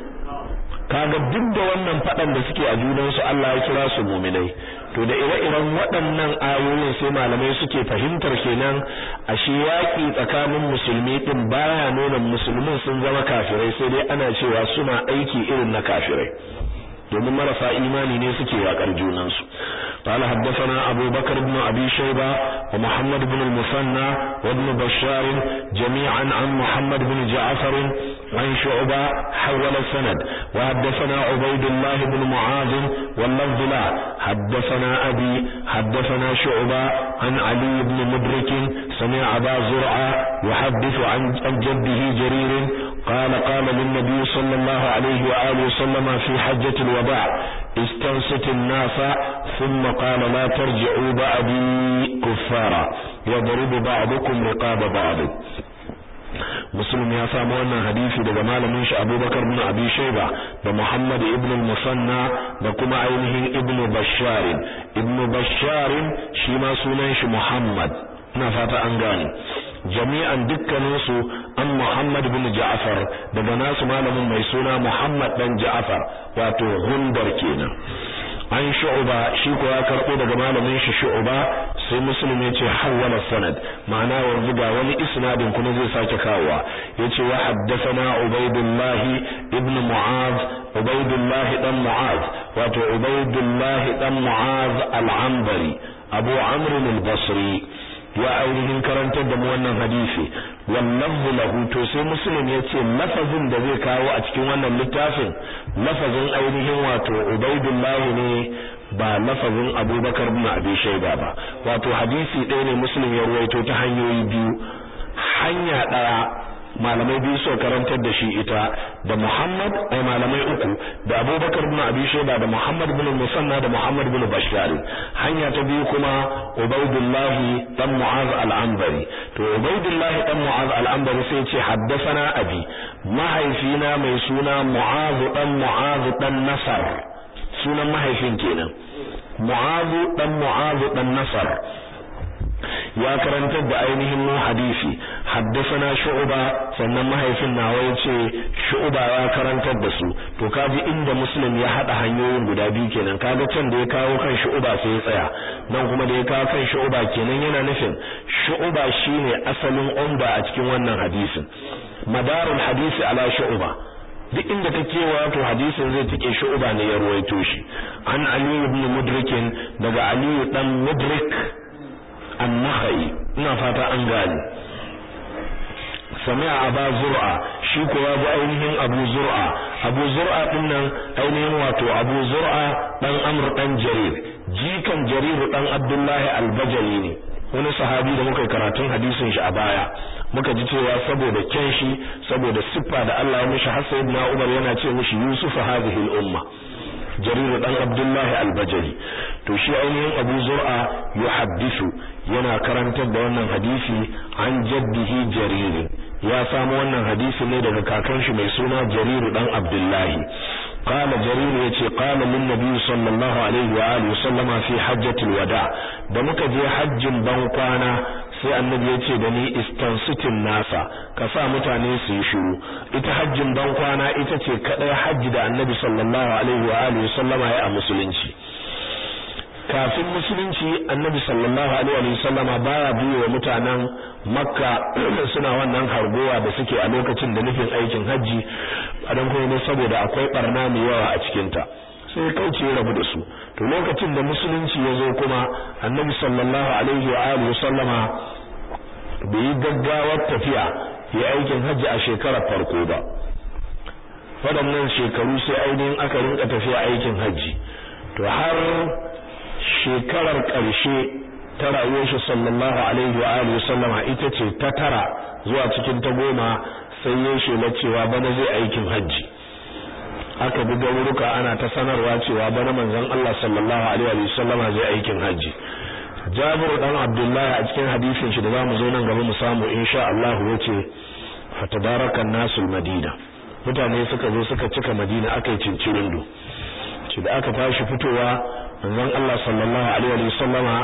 kaga duk da wannan faɗan da suke a junansu Allah ya kira su mu'minai to da ire-iren waɗannan ayoyin sai malamai suke fahimtar kenan ashe yaƙi tsakanin musulmi ɗin baya nuna musulmin sun zama kafirai sai dai ana cewa suna aiki irin na kafirai domin marasa imani ne suke yaƙar junansu قال حدثنا أبو بكر بن أبي شيبة ومحمد بن المثنى وابن بشار جميعا عن محمد بن جعفر عن شعبة حول السند وحدثنا عبيد الله بن معاذ واللفظ لا حدثنا أبي حدثنا شعبة عن علي بن مدرك سمع أبا زرعة يحدث عن جده جرير قال قال للنبي صلى الله عليه وآله وسلم في حجة الوداع استنصت الناس ثم قال لا ترجعوا بعدي كفارا يضرب بعضكم رقاب بعض muslim ya samu wannan hadisi daga malamin shi abubakar bin abi shaiba da muhammad ibn musanna da kuma ainihin ibn bashar ibn bashar shi ma sunan shi muhammad ina fata an gane jami'an dukkaninsu an muhammad bin ja'far daga nasu malamin mai suna muhammad dan ja'far wato hundar kenan an shu'uba shi ko ya karbo daga malamin shi shu'uba sai muslim ya ce hawwala sanad ma'ana wa ga wani isnadin kuma zai sake kawowa yace wa haddathana ubaidullah ibn mu'az ubaidullah dan mu'az wato ubaidullah dan mu'az al-anbari abu amr al-basri ya ainihin karantar da mu wannan hadisi wannan lahu to sai musulun ya ce lafazin da zai kawo a cikin wannan littafin lafazin ainihin wato ubaidullahi ne ba lafazin abubakar bin abi shaida ba wato hadisi ɗaya ne musulun ya ruwaito ta hanyoyi biyu hanya ɗaya malamai biyu suka karantar da shi ita da Muhammad ai malamai uku da Abubakar bin Abi Shayba da Muhammad bin Musanna da Muhammad bin Bashar hanya ta biyu kuma Ubaydullah dan Mu'az al-Anbari to Ubaydullah dan Mu'az al-Anbari sai ya ce na abi mahaifina mai suna Mu'az dan Mu'az dan Nasar sunan mahaifin kenan Mu'az dan Mu'az dan Nasar ya karantar da ainihin mu hadisi haddasana shu'uba sannan mahaifin nawa ce shu'uba ya karantar da su to kaji inda muslim ya haɗa hanyoyin guda biyu kenan kaga can da ya kawo kan shu'uba sai ya tsaya nan kuma da ya kawo kan shu'uba kenan yana nufin shu'uba shine asalin umba a cikin wannan hadisin madarul hadisi ala shu'uba duk inda ta kewa to hadisin zai tike shu'uba ne ya ruwaito shi an Aliyu ibn mudrik daga Aliyu dan mudrik annahai ina fata an gane sami'a aba zur'a shi ko ya bi ainihin abu zur'a abu zur'a din nan ainihin wato abu zur'a dan amr dan jarir jikan jarir dan abdullahi al ne wani sahabi da muka karatun hadisin shi a baya muka ji cewa saboda kyan shi saboda siffa da Allah ya mishi na ibn Umar yana ce mishi Yusuf hadhihi al-umma jariru dan abdullahi albajari to shi ainihin abu zur'a yuhaddisu yana karantar da wannan hadisi an jaddihi jarir ya samu wannan hadisi ne daga kakanshi mai suna jariru dan abdullahi qala jarir yace qala lin nabi sallallahu alaihi wa sallama fi hajjatul wada da muka je hajjin ban kwana sai annabi yace da ni istansitin nasa ka sa mutane su yi shiru ita hajjin ban kwana ita ce kadai hajji da annabi sallallahu alaihi wa alihi sallama ya a musulunci kafin musulunci annabi sallallahu alaihi wa sallama baya biyo wa mutanen makka suna wannan hargowa da suke a lokacin da nufin aikin hajji a don kuma saboda akwai barna mai yawa a cikinta sai kauce rabu da su to lokacin da musulunci ya zo kuma annabi sallallahu alaihi wa alihi sallama bai gaggawar tafiya ya aikin hajji a shekarar farko ba waɗannan shekaru sai ainihin aka rinka tafiya aikin hajji to har shekarar ƙarshe ta rayuwar shi sallallahu alaihi wa alihi sallama ita ce ta tara zuwa cikin ta goma sai ya shela cewa bana zai aikin hajji aka bi gauruka ana ta sanarwa cewa bana manzon Allah sallallahu alaihi wa sallama zai aikin hajji Jabiru dan Abdullah a cikin hadisin shi da zamu zo nan gaba mu samu insha Allah yace fatadarakan nasul madina mutane suka zo suka cika madina aka yi cincirindo ce da aka tashi fitowa manzon Allah sallallahu alaihi wa sallama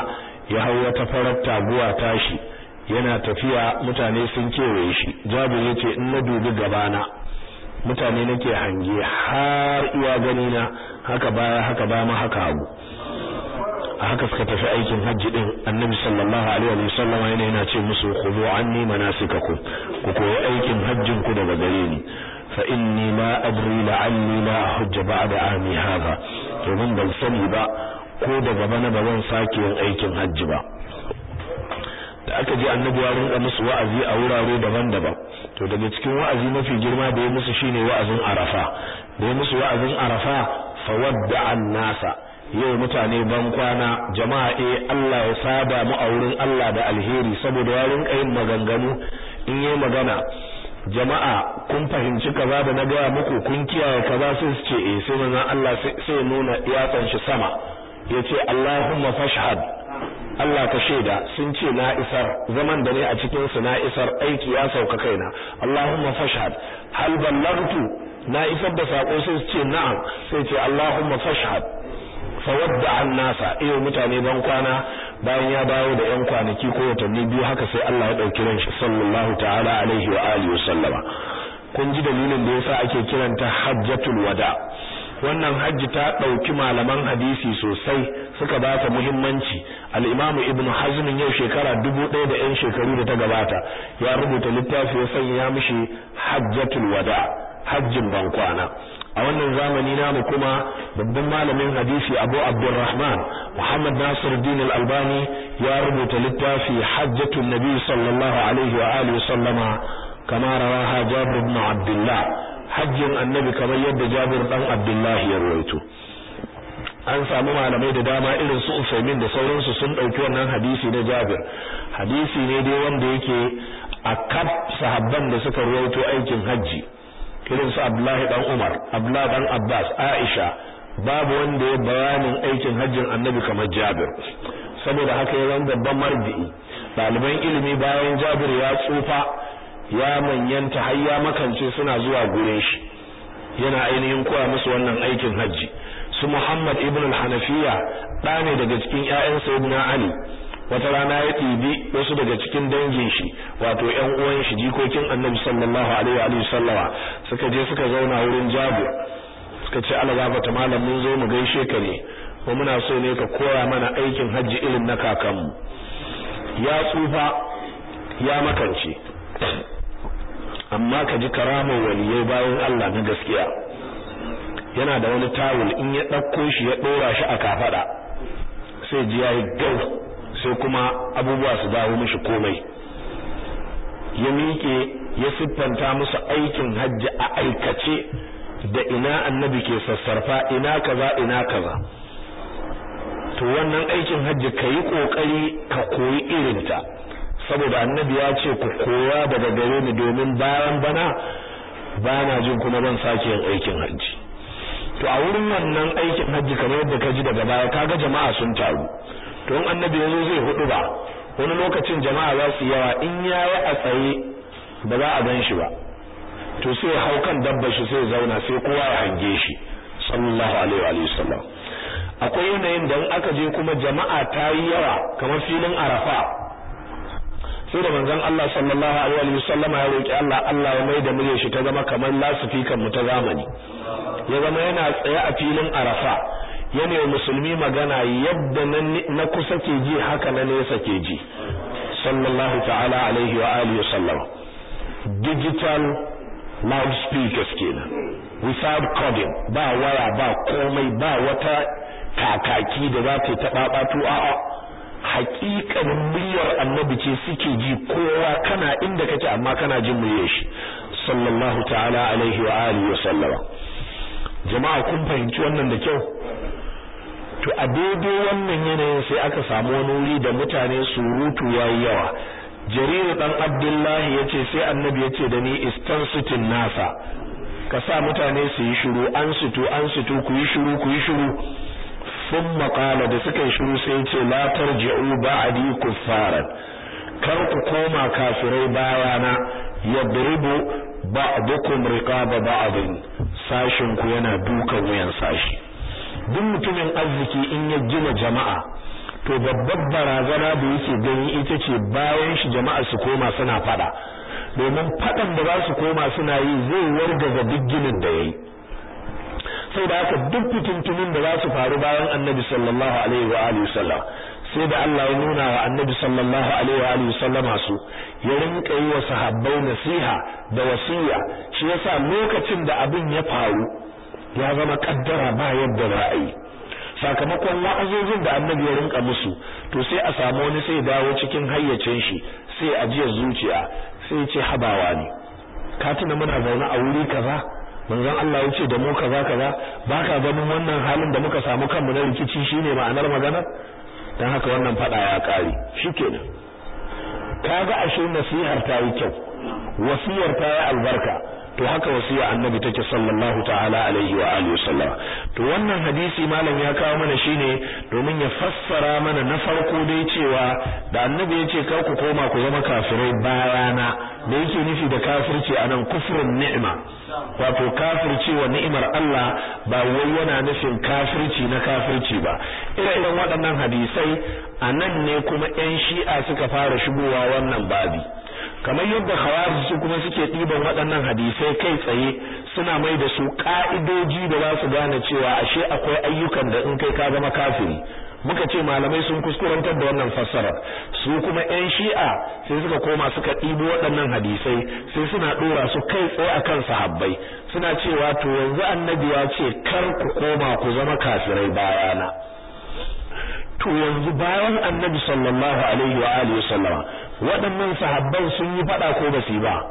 ya hau wata farar taguwa tashi yana tafiya mutane sun kewaye shi jabi yace in na dubi gaba na mutane nake hange har iya gani na haka baya haka ba ma haka hagu a haka suka tafi aikin hajji din annabi sallallahu alaihi wa sallama yana yana ce musu khudu anni manasikakum ku koyi aikin hajjin ku daga gare ni fa inni ma adri la'alli la hujja ba'da ami hadha domin ban sani ba ko da bana ba zan sake yin aikin hajji ba da aka ji annabi ya rinka musu wa'azi a wurare daban-daban to daga cikin wa'azi mafi girma da ya musu shine wa'azin arafa da ya musu wa'azin arafa fa wadda annasa yau mutane ban kwana jama'a e Allah ya saba mu a wurin Allah da alheri saboda ya rinka yin maganganu in yi magana jama'a kun fahimci kaza da na gaya muku kun kiyaye kaza sai su ce eh sai manzon Allah sai nuna ya sama ya ce Allahumma fashhad Allah ka shaida sun ce na isar zaman da ne a cikin su na isar aiki ya sauka kaina Allahumma fashhad hal ballagtu na isar da sako sai ce na'am sai ce Allahumma fashhad fa an nasa iya mutane ban kwana bayan ya dawo da yan kwanaki ko watanni biyu haka sai Allah ya dauki ran shi sallallahu ta'ala alaihi wa alihi wa sallama kun ji dalilin da yasa ake kiranta hajjatul wada' wannan hajji ta ɗauki malaman hadisi sosai suka ba ta muhimmanci al'imamu ibn hazmin yau shekara dubu ɗaya da ‘yan shekaru da ta gabata ya rubuta littafi ya sanya mishi hajjatul wada hajjin bankwana a wannan zamani namu kuma babban malamin hadisi abu abdulrahman muhammad nasir din albani ya rubuta littafi hajjatun nabi sallallahu alaihi wa alihi sallama kama rawaha jabir ibn abdullah hajjin annabi kamar yadda Jabir dan Abdullahi ya rawaito an samu malamai da dama irin su Usaimin da sauransu sun ɗauki wannan hadisi na Jabir hadisi ne dai wanda yake a kaf sahabban da suka rawaito aikin hajji irin su Abdullahi dan Umar Abdullahi dan Abbas Aisha babu wanda ya bayanin aikin hajjin annabi kamar Jabir saboda haka ya zama babban marji'i ɗaliban ilimi bayan Jabir ya tsufa ya manyanta har ya makance suna zuwa gure shi yana ainihin koya musu wannan aikin hajji su Muhammad ibn al-Hanafiya ɗa ne daga cikin ƴaƴan Sayyidina Ali wata rana ya ɗibi wasu daga cikin dangin shi wato 'yan uwan shi jikokin Annabi sallallahu alaihi wa sallama suka je suka zauna wurin Jabir suka ce Allah gafata malam mun zo mu gaishe ka ne mu muna so ne ka koya mana aikin hajji irin na kakanmu ya tsufa ya makance amma ka ji karamar waliyai bayan Allah na gaskiya yana da wani tawul in ya ɗauko shi ya ɗora shi a kafaɗa sai ji yi gau sai kuma abubuwa su dawo mishi komai ya miƙe ya siffanta musu aikin hajji a aikace da ina annabi ke sassarfa ina kaza ina kaza to wannan aikin hajji ka yi ƙoƙari ka koyi irinta saboda annabi ya ce ku koya daga gare ni domin bayan bana ba na jin kuma ban sake yin aikin hajji to a wurin wannan aikin hajji kamar yadda ka ji daga baya kaga jama'a sun taru to in annabi ya zo zai hudu ba wani lokacin jama'a za su yawa in ya yi a tsaye ba za a gan shi ba to sai hau kan dabba shi sai zauna sai kowa ya hange shi sallallahu alaihi wa sallam akwai yanayin da in aka je kuma jama'a ta yi yawa kamar filin arafa sai da manzon Allah sallallahu alaihi wa sallama ya roki Allah Allah ya maida muryar shi ta zama kamar lasifikan mu ta zamani ya zama yana tsaye a filin Arafa yana yi musulmi magana yadda na kusa ke ji haka na nesa ke ji sallallahu ta'ala alaihi wa alihi digital loudspeakers kenan without coding ba waya ba komai ba wata kakaki da za ta yi a haƙiƙanin muryar annabi ce suke ji kowa kana inda kake amma kana jin muryar shi sallallahu ta'ala alaihi wa alihi wa sallama jama'a kun fahimci wannan da kyau to a daidai wannan yanayin sai aka samu wani wuri da mutane surutu yayi yawa jarir dan abdullahi yace sai annabi yace da ni istansitin nasa ka sa mutane su yi shiru an situ an situ ku yi shiru ku yi shiru sun maƙala da suka yi shiru sai ce latar ji'u ba'di kuffaran kar ku koma kafirai bayana yadribu ba'dukum riqaba ba'din sashin ku yana duka wuyan sashi duk mutumin arziki in ya gina jama'a to babbar barazana da yake gani ita ce bayan shi jama'a su koma suna fada domin fadan da za su koma suna yi zai wargaza duk ginin da yayi sai da haka duk fitintunin da za su faru bayan annabi sallallahu alaihi wa alihi sallam sai da Allah ya nuna wa annabi sallallahu alaihi wa alihi sallam su ya rinka yi wa sahabbai nasiha da wasiya shi yasa lokacin da abin ya faru ya zama kaddara ba yadda za a yi sakamakon wa'azozin da annabi ya rinka musu to sai a samu wani sai dawo cikin hayyacin shi sai ajiyar zuciya sai ce habawa ne ka tuna muna zaune a wuri kaza manzon Allah yace da mu kaza kaza baka ganin wannan halin da muka samu kanmu na rikici shine ma'anar magana dan haka wannan fada ya kare shikenan kaga ashe nasihar ta yi kyau wasiyar ta yi albarka to haka wasiya annabi take sallallahu ta'ala alaihi wa alihi wasallam to wannan hadisi malam ya kawo mana shine domin ya fassara mana na farko dai cewa da annabi ya ce kar ku koma ku zama kafirai bayana da yake nufi da kafirci anan kufrun ni'ma wato kafirci wa ni'imar Allah ba wai yana nufin kafirci na kafirci ba ire-iren waɗannan hadisai anan ne kuma 'yan shi'a suka fara shigowa wannan babi kamar yadda khawarij su kuma suke ɗiban waɗannan hadisai kai tsaye suna mai da su ka'idoji da za su gane cewa ashe akwai ayyukan da in kai ka zama kafiri muka ce malamai sun kuskurantar da wannan fassarar su kuma yan shi'a sai suka koma suka ɗibo waɗannan hadisai sai suna ɗora su kai tsaye akan sahabbai suna cewa to yanzu annabi ya ce kar ku koma ku zama kafirai bayana to yanzu bayan annabi sallallahu alaihi wa alihi wasallama waɗannan sahabban sun yi faɗa ko ba su yi ba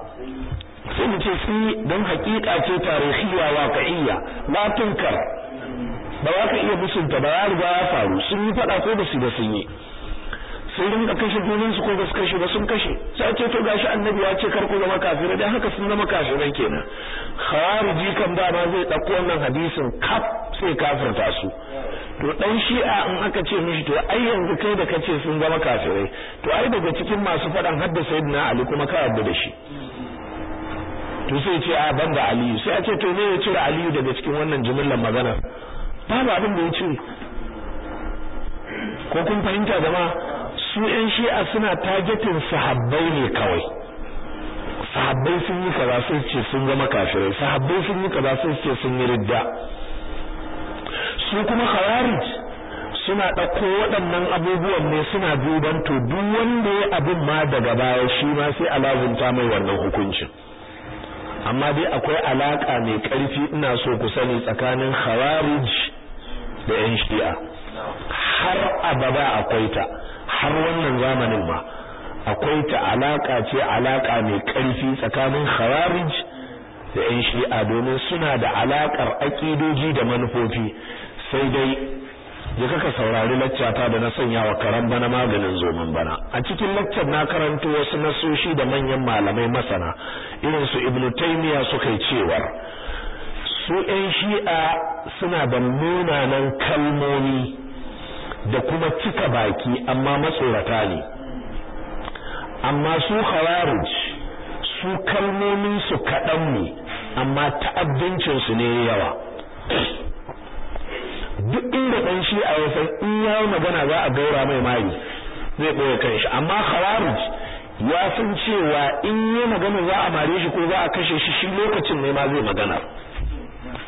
sai mu ce su don haƙiƙa ce tarihiyya waƙa'iyya la tunkar ba za ka iya musunta ba ya riga ya faru sun yi faɗa ko ba su yi ba sun yi sai don ka kashe su ko ba su kashe ba sun kashe sai ce to gashi annabi ya ce kar ku zama kafirai dan haka sun zama kafirai kenan khariji kan ba ma zai dauko wannan hadisin kaf sai kafirta su to dan shi'a in aka ce mishi to ai yanzu kai da kace sun zama kafirai to ai daga cikin masu fadan hadda sayyidina ali kuma ka yarda da shi to sai ce a banda aliyu sai a ce to me ya cire aliyu daga cikin wannan jimillar magana babu abin da ya cire ko kun fahimta jama'a su yan shi'a suna targetin sahabbai ne kawai sahabbai sun yi kaza sai ce sun zama kafirai sahabbai sun yi kaza sai ce sun yi ridda su kuma khawarij suna ɗauko waɗannan abubuwan ne suna duban to duk wanda ya abin ma daga baya shi ma sai alazunta mai wannan hukuncin amma dai akwai alaƙa mai ƙarfi ina so ku sani tsakanin khawarij da yan shi'a har abada akwai ta har wannan zamanin ma akwai ta alaka ce alaka mai ƙarfi tsakanin khawarij da 'yan shi'a domin suna da alakar aƙidoji da manufofi sai dai ya kaka saurari laccata da na sanya wa karan bana maganin zoman bana a cikin laccar na karanto wasu nasoshi da manyan malamai masana irin su ibn taymiya suka yi cewar su 'yan shi'a suna da munanan kalmomi da kuma cika baki amma matsorata ne amma su khawarij su kalmomin su kaɗan ne amma ta'addancin ne yawa duk inda dan shi a yasan in ya magana za a gaura mai mari zai ɓoye shi amma khawarij ya san cewa in yi magana za a mare shi ko za a kashe shi shi lokacin ne ma zai magana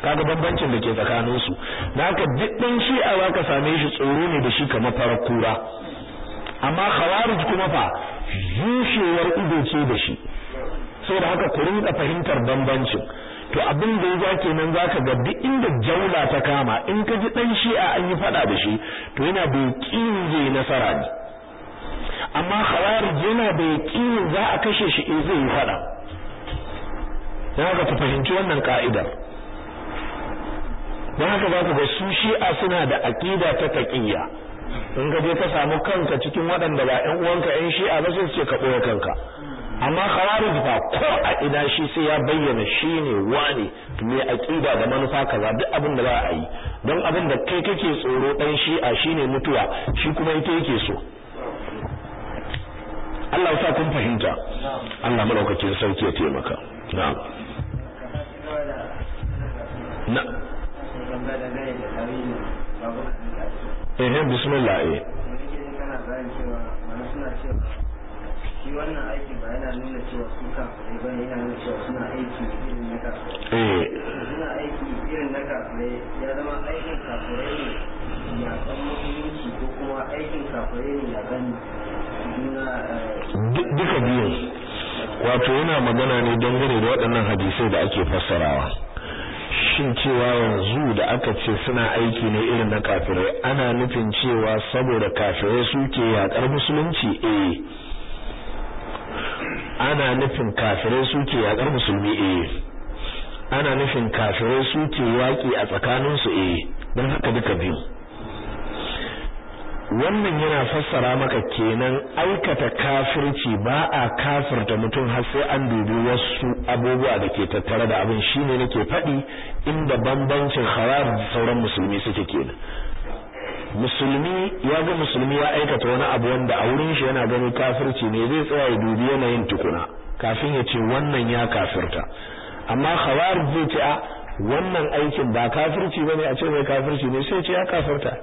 kaga bambancin da ke tsakanin su da haka duk ɗan shi'a za ka same shi tsoro ne da shi kamar farar kura amma khawarij kuma fa zushewar ido ce da shi da haka ku rinka fahimtar bambancin to abin da ya kenan zaka ga duk inda jaula ta kama in ka ji dan a an yi fada da shi to yana da yakin zai nasara ne amma khawarij yana da yakin za a kashe shi in zai yi fada dan haka ku fahimci wannan ka'idar don haka za ku ga su shi'a suna da aƙida ta taƙiyya in ka je ka samu kanka cikin waɗanda ba ƴan uwanka ƴan shi'a ba sai ce ka ɓoye kanka amma khawarij ba ko a ina shi sai ya bayyana shi ne wani mai aƙida da manufa kaza duk abin da za a yi don abin da kai kake tsoro ɗan shi'a shine mutuwa shi kuma ita yake so Allah sa kun fahimta Allah madaukakin sarki ya taimaka na'am na tambaya dangane da tarihin babban eh cewa eh. wani suna cewa wannan aiki ba yana nuna cewa su kafirai ba yana nuna cewa suna aiki irin na kafirai suna aiki irin na kafirai ya zama aikin kafirai ne ya kan musulunci ko kuma aikin kafirai ne ya kan duka biyu wato yana magana ne don dangane da waɗannan hadisai da ake fassarawa shin cewa yanzu da aka ce suna aiki ne irin na kafirai ana nufin cewa saboda kafirai suke yakar musulunci eh ana nufin kafirai suke yakar musulmi eh ana nufin kafirai suke yaki a tsakaninsu eh don haka duka biyu wannan yana fassara maka kenan aikata kafirci ba a kafirta mutum har sai an dubi wasu abubuwa da ke tattare da abin shi ne nake faɗi inda bambancin harar sauran musulmi suke kenan musulmi ya ga musulmi ya aikata wani abu wanda a wurin shi yana gani kafirci ne zai tsaya ya dubi yanayin tukuna kafin ya ce wannan ya kafirta amma khawarij zai ce a wannan aikin ba kafirci bane a ce mai kafirci ne sai ce ya kafirta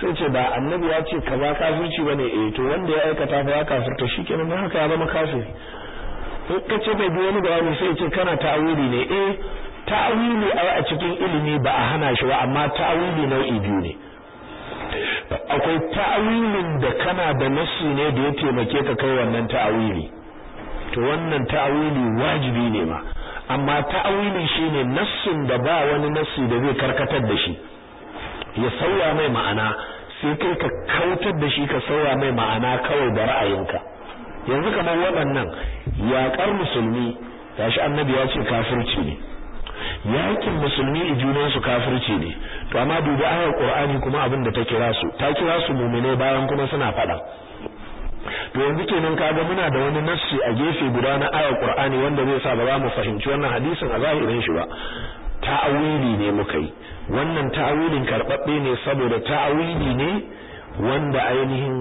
sai ce ba annabi ya ce kaza kafirci ba eh to wanda ya aikata ba ya kafirta kenan dan haka ya zama kafir in ka ce bai wani bayani sai ce kana ta'awili ne eh ta'awili a cikin ilimi ba a hana shi ba amma ta'awili nau'i biyu ne akwai ta'awilin da kana da nassi ne da ya taimake ka kai wannan ta'awili to wannan ta'awili wajibi ne ma amma ta'awili shine nassin da ba wani nassi da zai karkatar da shi ya sauya mai ma'ana sai kai ka kautar da shi ka sauya mai ma'ana kawai da ra'ayinka yanzu kamar waɗannan yaƙar musulmi ya shi annabi ya ce kafirci ne yakin musulmi i junansu kafirci ne to amma dubi ayar qur'ani kuma abin da ta kira su ta kira su mumine bayan kuma suna faɗa to yanzu kenan kaga muna da wani nassi a gefe guda na ayar qur'ani wanda zai sa ba za mu fahimci wannan hadisin a zahirin shi ba ta'awili ne muka yi wannan ta'awilin karɓaɓɓe ne saboda ta'awili ne wanda ainihin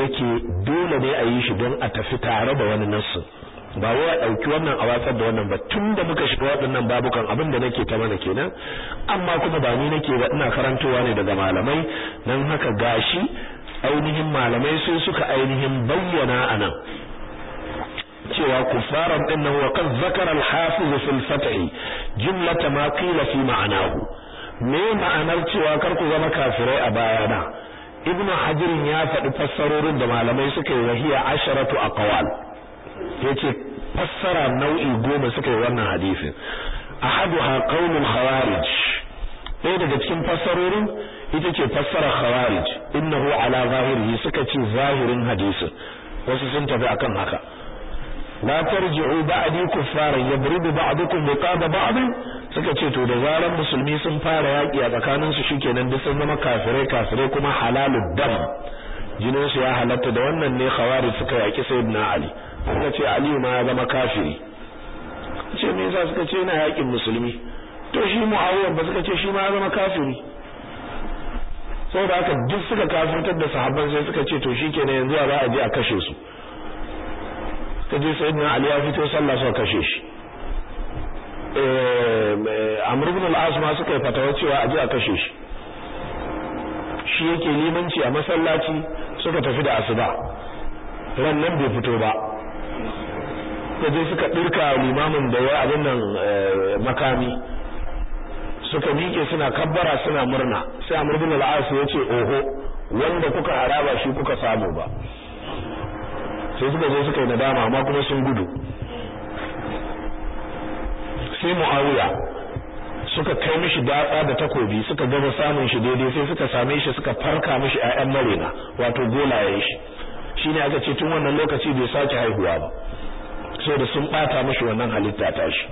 yake dole ne a yi shi don a tafi tare da wani nasu. ba wai a ɗauki wannan a watsar da wannan ba tun da muka shiga waɗannan babukan abin da nake ta mana kenan amma kuma ba ni nake ba ina karantowa ne daga malamai don haka gashi ainihin malamai sai suka ainihin bayyana a nan cewa kufaran din nan wa kan zakara al-hafiz fil fathi jumlata ma qila fi ma'anahu me ma'anar cewa kar ku zama kafirai a bayana ibn hajirin ya faɗi fassarorin da malamai suka yi wahiya asharatu aqwal yace fassara nau'i goma suka yi wannan hadisin ahaduha qaulul khawarij ɗaya daga cikin fassarorin ita ce fassara khawarij innahu ala zahirihi suka ce zahirin hadisin wasu sun tafi akan haka la tarji'u ba'di kuffaran yadribu ba'dukum riqaba ba'd suka ce to da zaran musulmi sun fara yaki a tsakanin su shikenan duk sun zama kafirai kafirai kuma halalud dam jinin su ya halatta da wannan ne khawari suka yaki sayyidina ali suka ce ali ma ya zama kafiri ce me yasa suka ce yana yakin musulmi to shi muawiya ba suka ce shi ma ya zama kafiri saboda haka duk suka kafirtar da sahabban sai suka ce to shikenan yanzu za a je a kashe su ta je sayyidina ali ya fito sallah suka kashe shi eh, A ibn ma suka yi fatawa cewa a a kashe shi shi yake limanci a masallaci suka tafi da asuba ran nan bai fito ba ta je suka ɗirka limamin da ya abin nan eh, makami suka miƙe suna kabbara suna murna sai a ibn ya ce oho wanda kuka haraba shi kuka samu ba sai suka zo suka yi nadama amma kuma sun gudu sai muawiya suka kai mishi datsa da takobi suka gama samun shi daidai sai suka same shi suka farka mishi ƴaƴan marena wato yi shi shine aka ce tun wannan lokaci bai sake haihuwa ba saboda sun bata mashi wannan halitta ta shi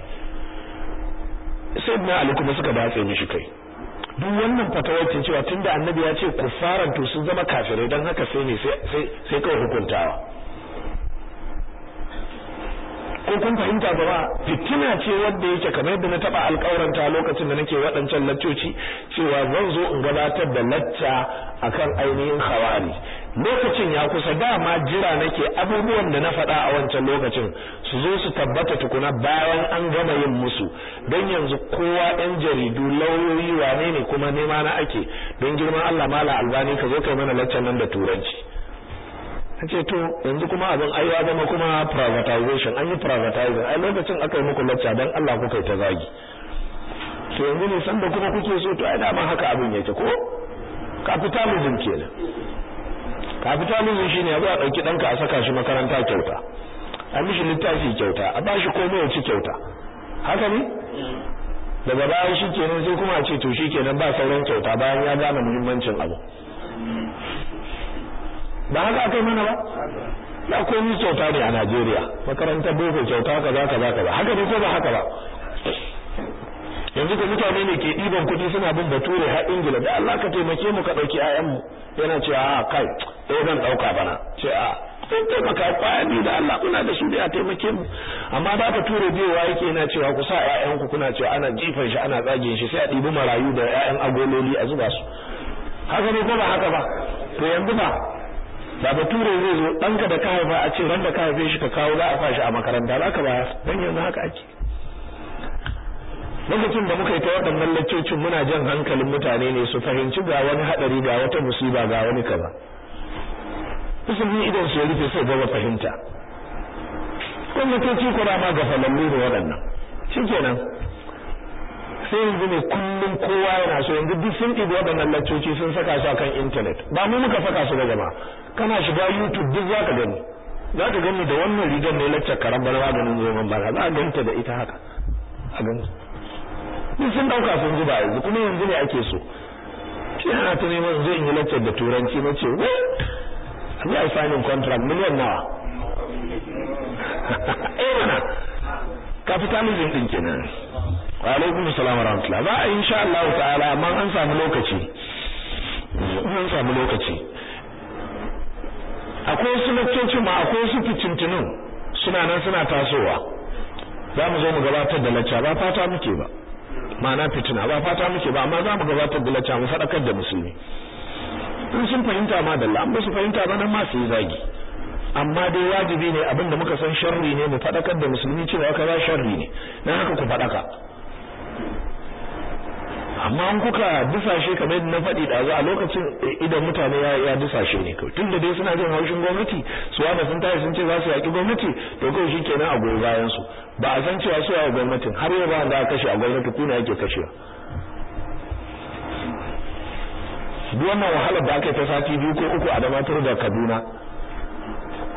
sai na ali kuma suka batse mishi kai duk wannan fatawar cewa tunda annabi ya ce kufaran to sun zama kafirai dan haka sai ne sai sai kawai hukuntawa ko kun fahimta ba fitina ce wadda yake kamar yadda na taba alƙawaranta lokacin da nake waɗancan laccoci cewa zan zo in gabatar da lacca akan ainihin hawari lokacin ya kusa dama jira nake abubuwan da na faɗa a wancan lokacin su zo su tabbata tukuna bayan an gama yin musu don yanzu kowa ɗan jaridu lauyoyi wane ne kuma nema na ake don girman Allah mala albani ka zo kai mana laccan nan da turanci ce to yanzu kuma abin ai ya zama kuma privatization an yi privatizing ai lokacin aka yi muku lacca dan Allah kuka yi ta zagi to yanzu ne sanda kuma kuke so to ai dama haka abin yake ko capitalism kenan capitalism shine yanzu a dauki danka a saka shi makaranta kyauta a mishi littafi kyauta a ba shi komai ya ci kyauta haka ne daga bayan shi kenan sai kuma a ce to shi kenan ba sauran kyauta bayan ya gane muhimmancin abu ba haka yi mana ba ya komi kyauta ne a Najeriya makarantar boko kyauta za ka ba haka ne ko ba haka ba yanzu ka mutane ne ke ɗiban kuɗi suna bin bature har ingila da Allah ka taimake mu ka ɗauki mu. yana ce a kai ɗaya eh zan ɗauka bana ce a kai taimaka kwaya biyu da Allah kuna da su ne a taimake mu amma da biyu biyowa yake yana cewa ku sa ƴaƴanku kuna cewa ana jifan shi ana tsagin shi sai a ɗibi marayu da ƴaƴan agololi a zuba su haka ne ko ba haka ba to yanzu ba ba bature zai zo ɗanka da ka haifa a ce ran da ka haife shi ka kawo za a fashi a makaranta za ka bayar don yanzu haka ake lokacin da muka yi ta waɗannan laccocin muna jan hankalin mutane ne su fahimci ga wani haɗari ga wata musiba ga wani kaza musulmi idan su ya rufe sai gaba fahimta gwamnatoci ma ga falalli da waɗannan shikenan sai yanzu ne kullum kowa yana so yanzu duk sun ɗibi waɗannan laccoci sun saka su akan intanet ba mu muka saka su ga jama'a kana shiga youtube duk zaka gani za ka gani da wannan rigar ne laccar karambar maganin zoben bara za a ganta da ita haka a ganta duk sun ɗauka sun zuba yanzu kuma yanzu ne ake so shi yana ta neman zai yi laccar da turanci na ce wai yi signing contract miliyan nawa eh mana kenan wa alaikum assalam wa rahmatullah ba insha Allah ta'ala amma an samu lokaci an samu lokaci akwai wasu lokaci ma akwai wasu fitintunun suna nan suna tasowa za mu zo mu gabatar da lacca ba fata muke ba ma'ana fitina ba fata muke ba amma za mu gabatar da lacca mu sadakar da musulmi in sun fahimta ma da Allah ba su fahimta ba nan ma su yi zagi amma dai wajibi ne abinda muka san sharri ne mu fadakar da musulmi cewa kaza sharri ne dan haka ku fadaka amma an kuka dusashe kamar yadda na faɗi ɗazu a lokacin idan mutane ya dusashe ne kawai tun da dai suna jin haushin gwamnati su wanda sun tashi sun ce za su yaƙi gwamnati to kawai shi kenan a goyi bayan su ba a san cewa su yawa gwamnatin har yau ba da aka kashe a gwamnati kuna yake kashewa duk wannan wahalar da aka yi ta sati biyu ko uku a damatar da kaduna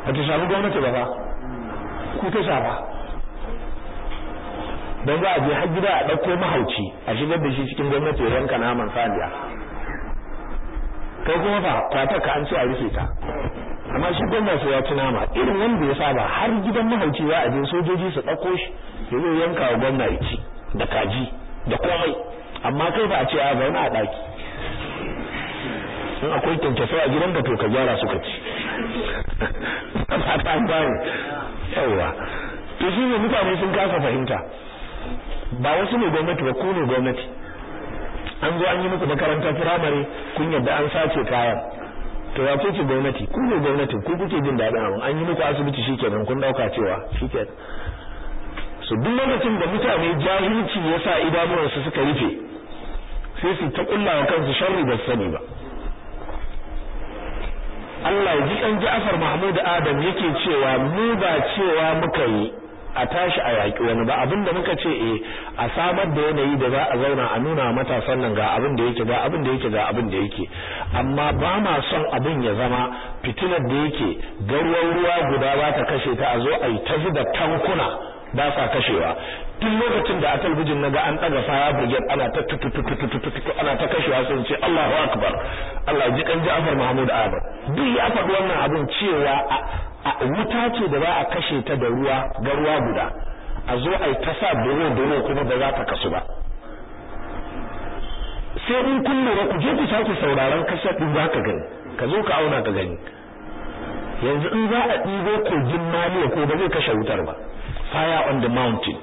a ta shafi gwamnati ba ba ku ta shafa don za a je har gida a ɗauko mahauci a shigar da shi cikin gwamnati ya yanka naman saniya kai kuma fa kwatar ka an ce a rufe ta amma shi gwamna ya ci nama irin wanda ya saba har gidan mahauci za a je sojoji su ɗauko shi ya zo yanka wa gwamna ya ci da kaji da komai amma kai ba a ce a zauna a ɗaki in akwai kyankyasai a gidan ka to ka gyara suka ci ba ta an bani yawwa to shi ne mutane sun kasa fahimta ba wasu ne gwamnati ba ku ne gwamnati an zo an yi muku makarantar firamare kun yadda an sace kayan to ya kuke gwamnati ku ne gwamnati ku kuke jin daɗin abin an yi muku asibiti shikenan kun ɗauka cewa shikenan so duk lokacin da mutane jahilci ya sa idanuwansu suka rufe sai su ta kulla wa kansu sharri ba su sani ba Allah ji ɗan Ja'far Mahmud Adam yake cewa mu ba cewa muka yi a tashi a yaƙi wani ba abinda muka ce e a samar da yanayi da za a zauna a nuna matasan nan ga abin da yake ga abin da yake ga abin da yake amma ba ma son abin ya zama fitilar da yake garwar ruwa guda ba ta kashe ta a zo a yi ta da tankuna ba sa kashewa tun lokacin da a talbijin na ga an ɗaga faya brigade ana ta ana ta kashewa sun ce Allahu akbar Allah ji kan Ja'far Mahmud abu duk ya faɗi wannan abin cewa wuta ce da za a kashe ta da ruwa ga ruwa guda a zo a yi ta sa dole dole kuma ba za ta kasu ba sai in kun lura ku je ku sake sauraron kashe din za ka gani ka zo ka auna ka gani yanzu in za a ɗibo kogin maliya ko ba zai kashe wutar ba fire on the mountain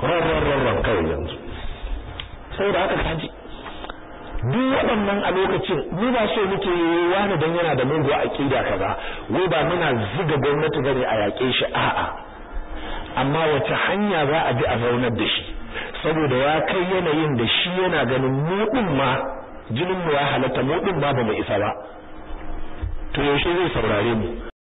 ran ran ran kawai yanzu saboda haka kaji duk waɗannan a lokacin ni ba so muke wani dan yana da mugu aqida kaza wai ba muna ziga gwamnati ba ne a yaƙe shi a'a amma wace hanya za a bi a zaunar da shi saboda ya kai yanayin da shi yana ganin mu din ma jinin mu ya halatta mu din ma ba mu isa ba to yaushe zai saurare mu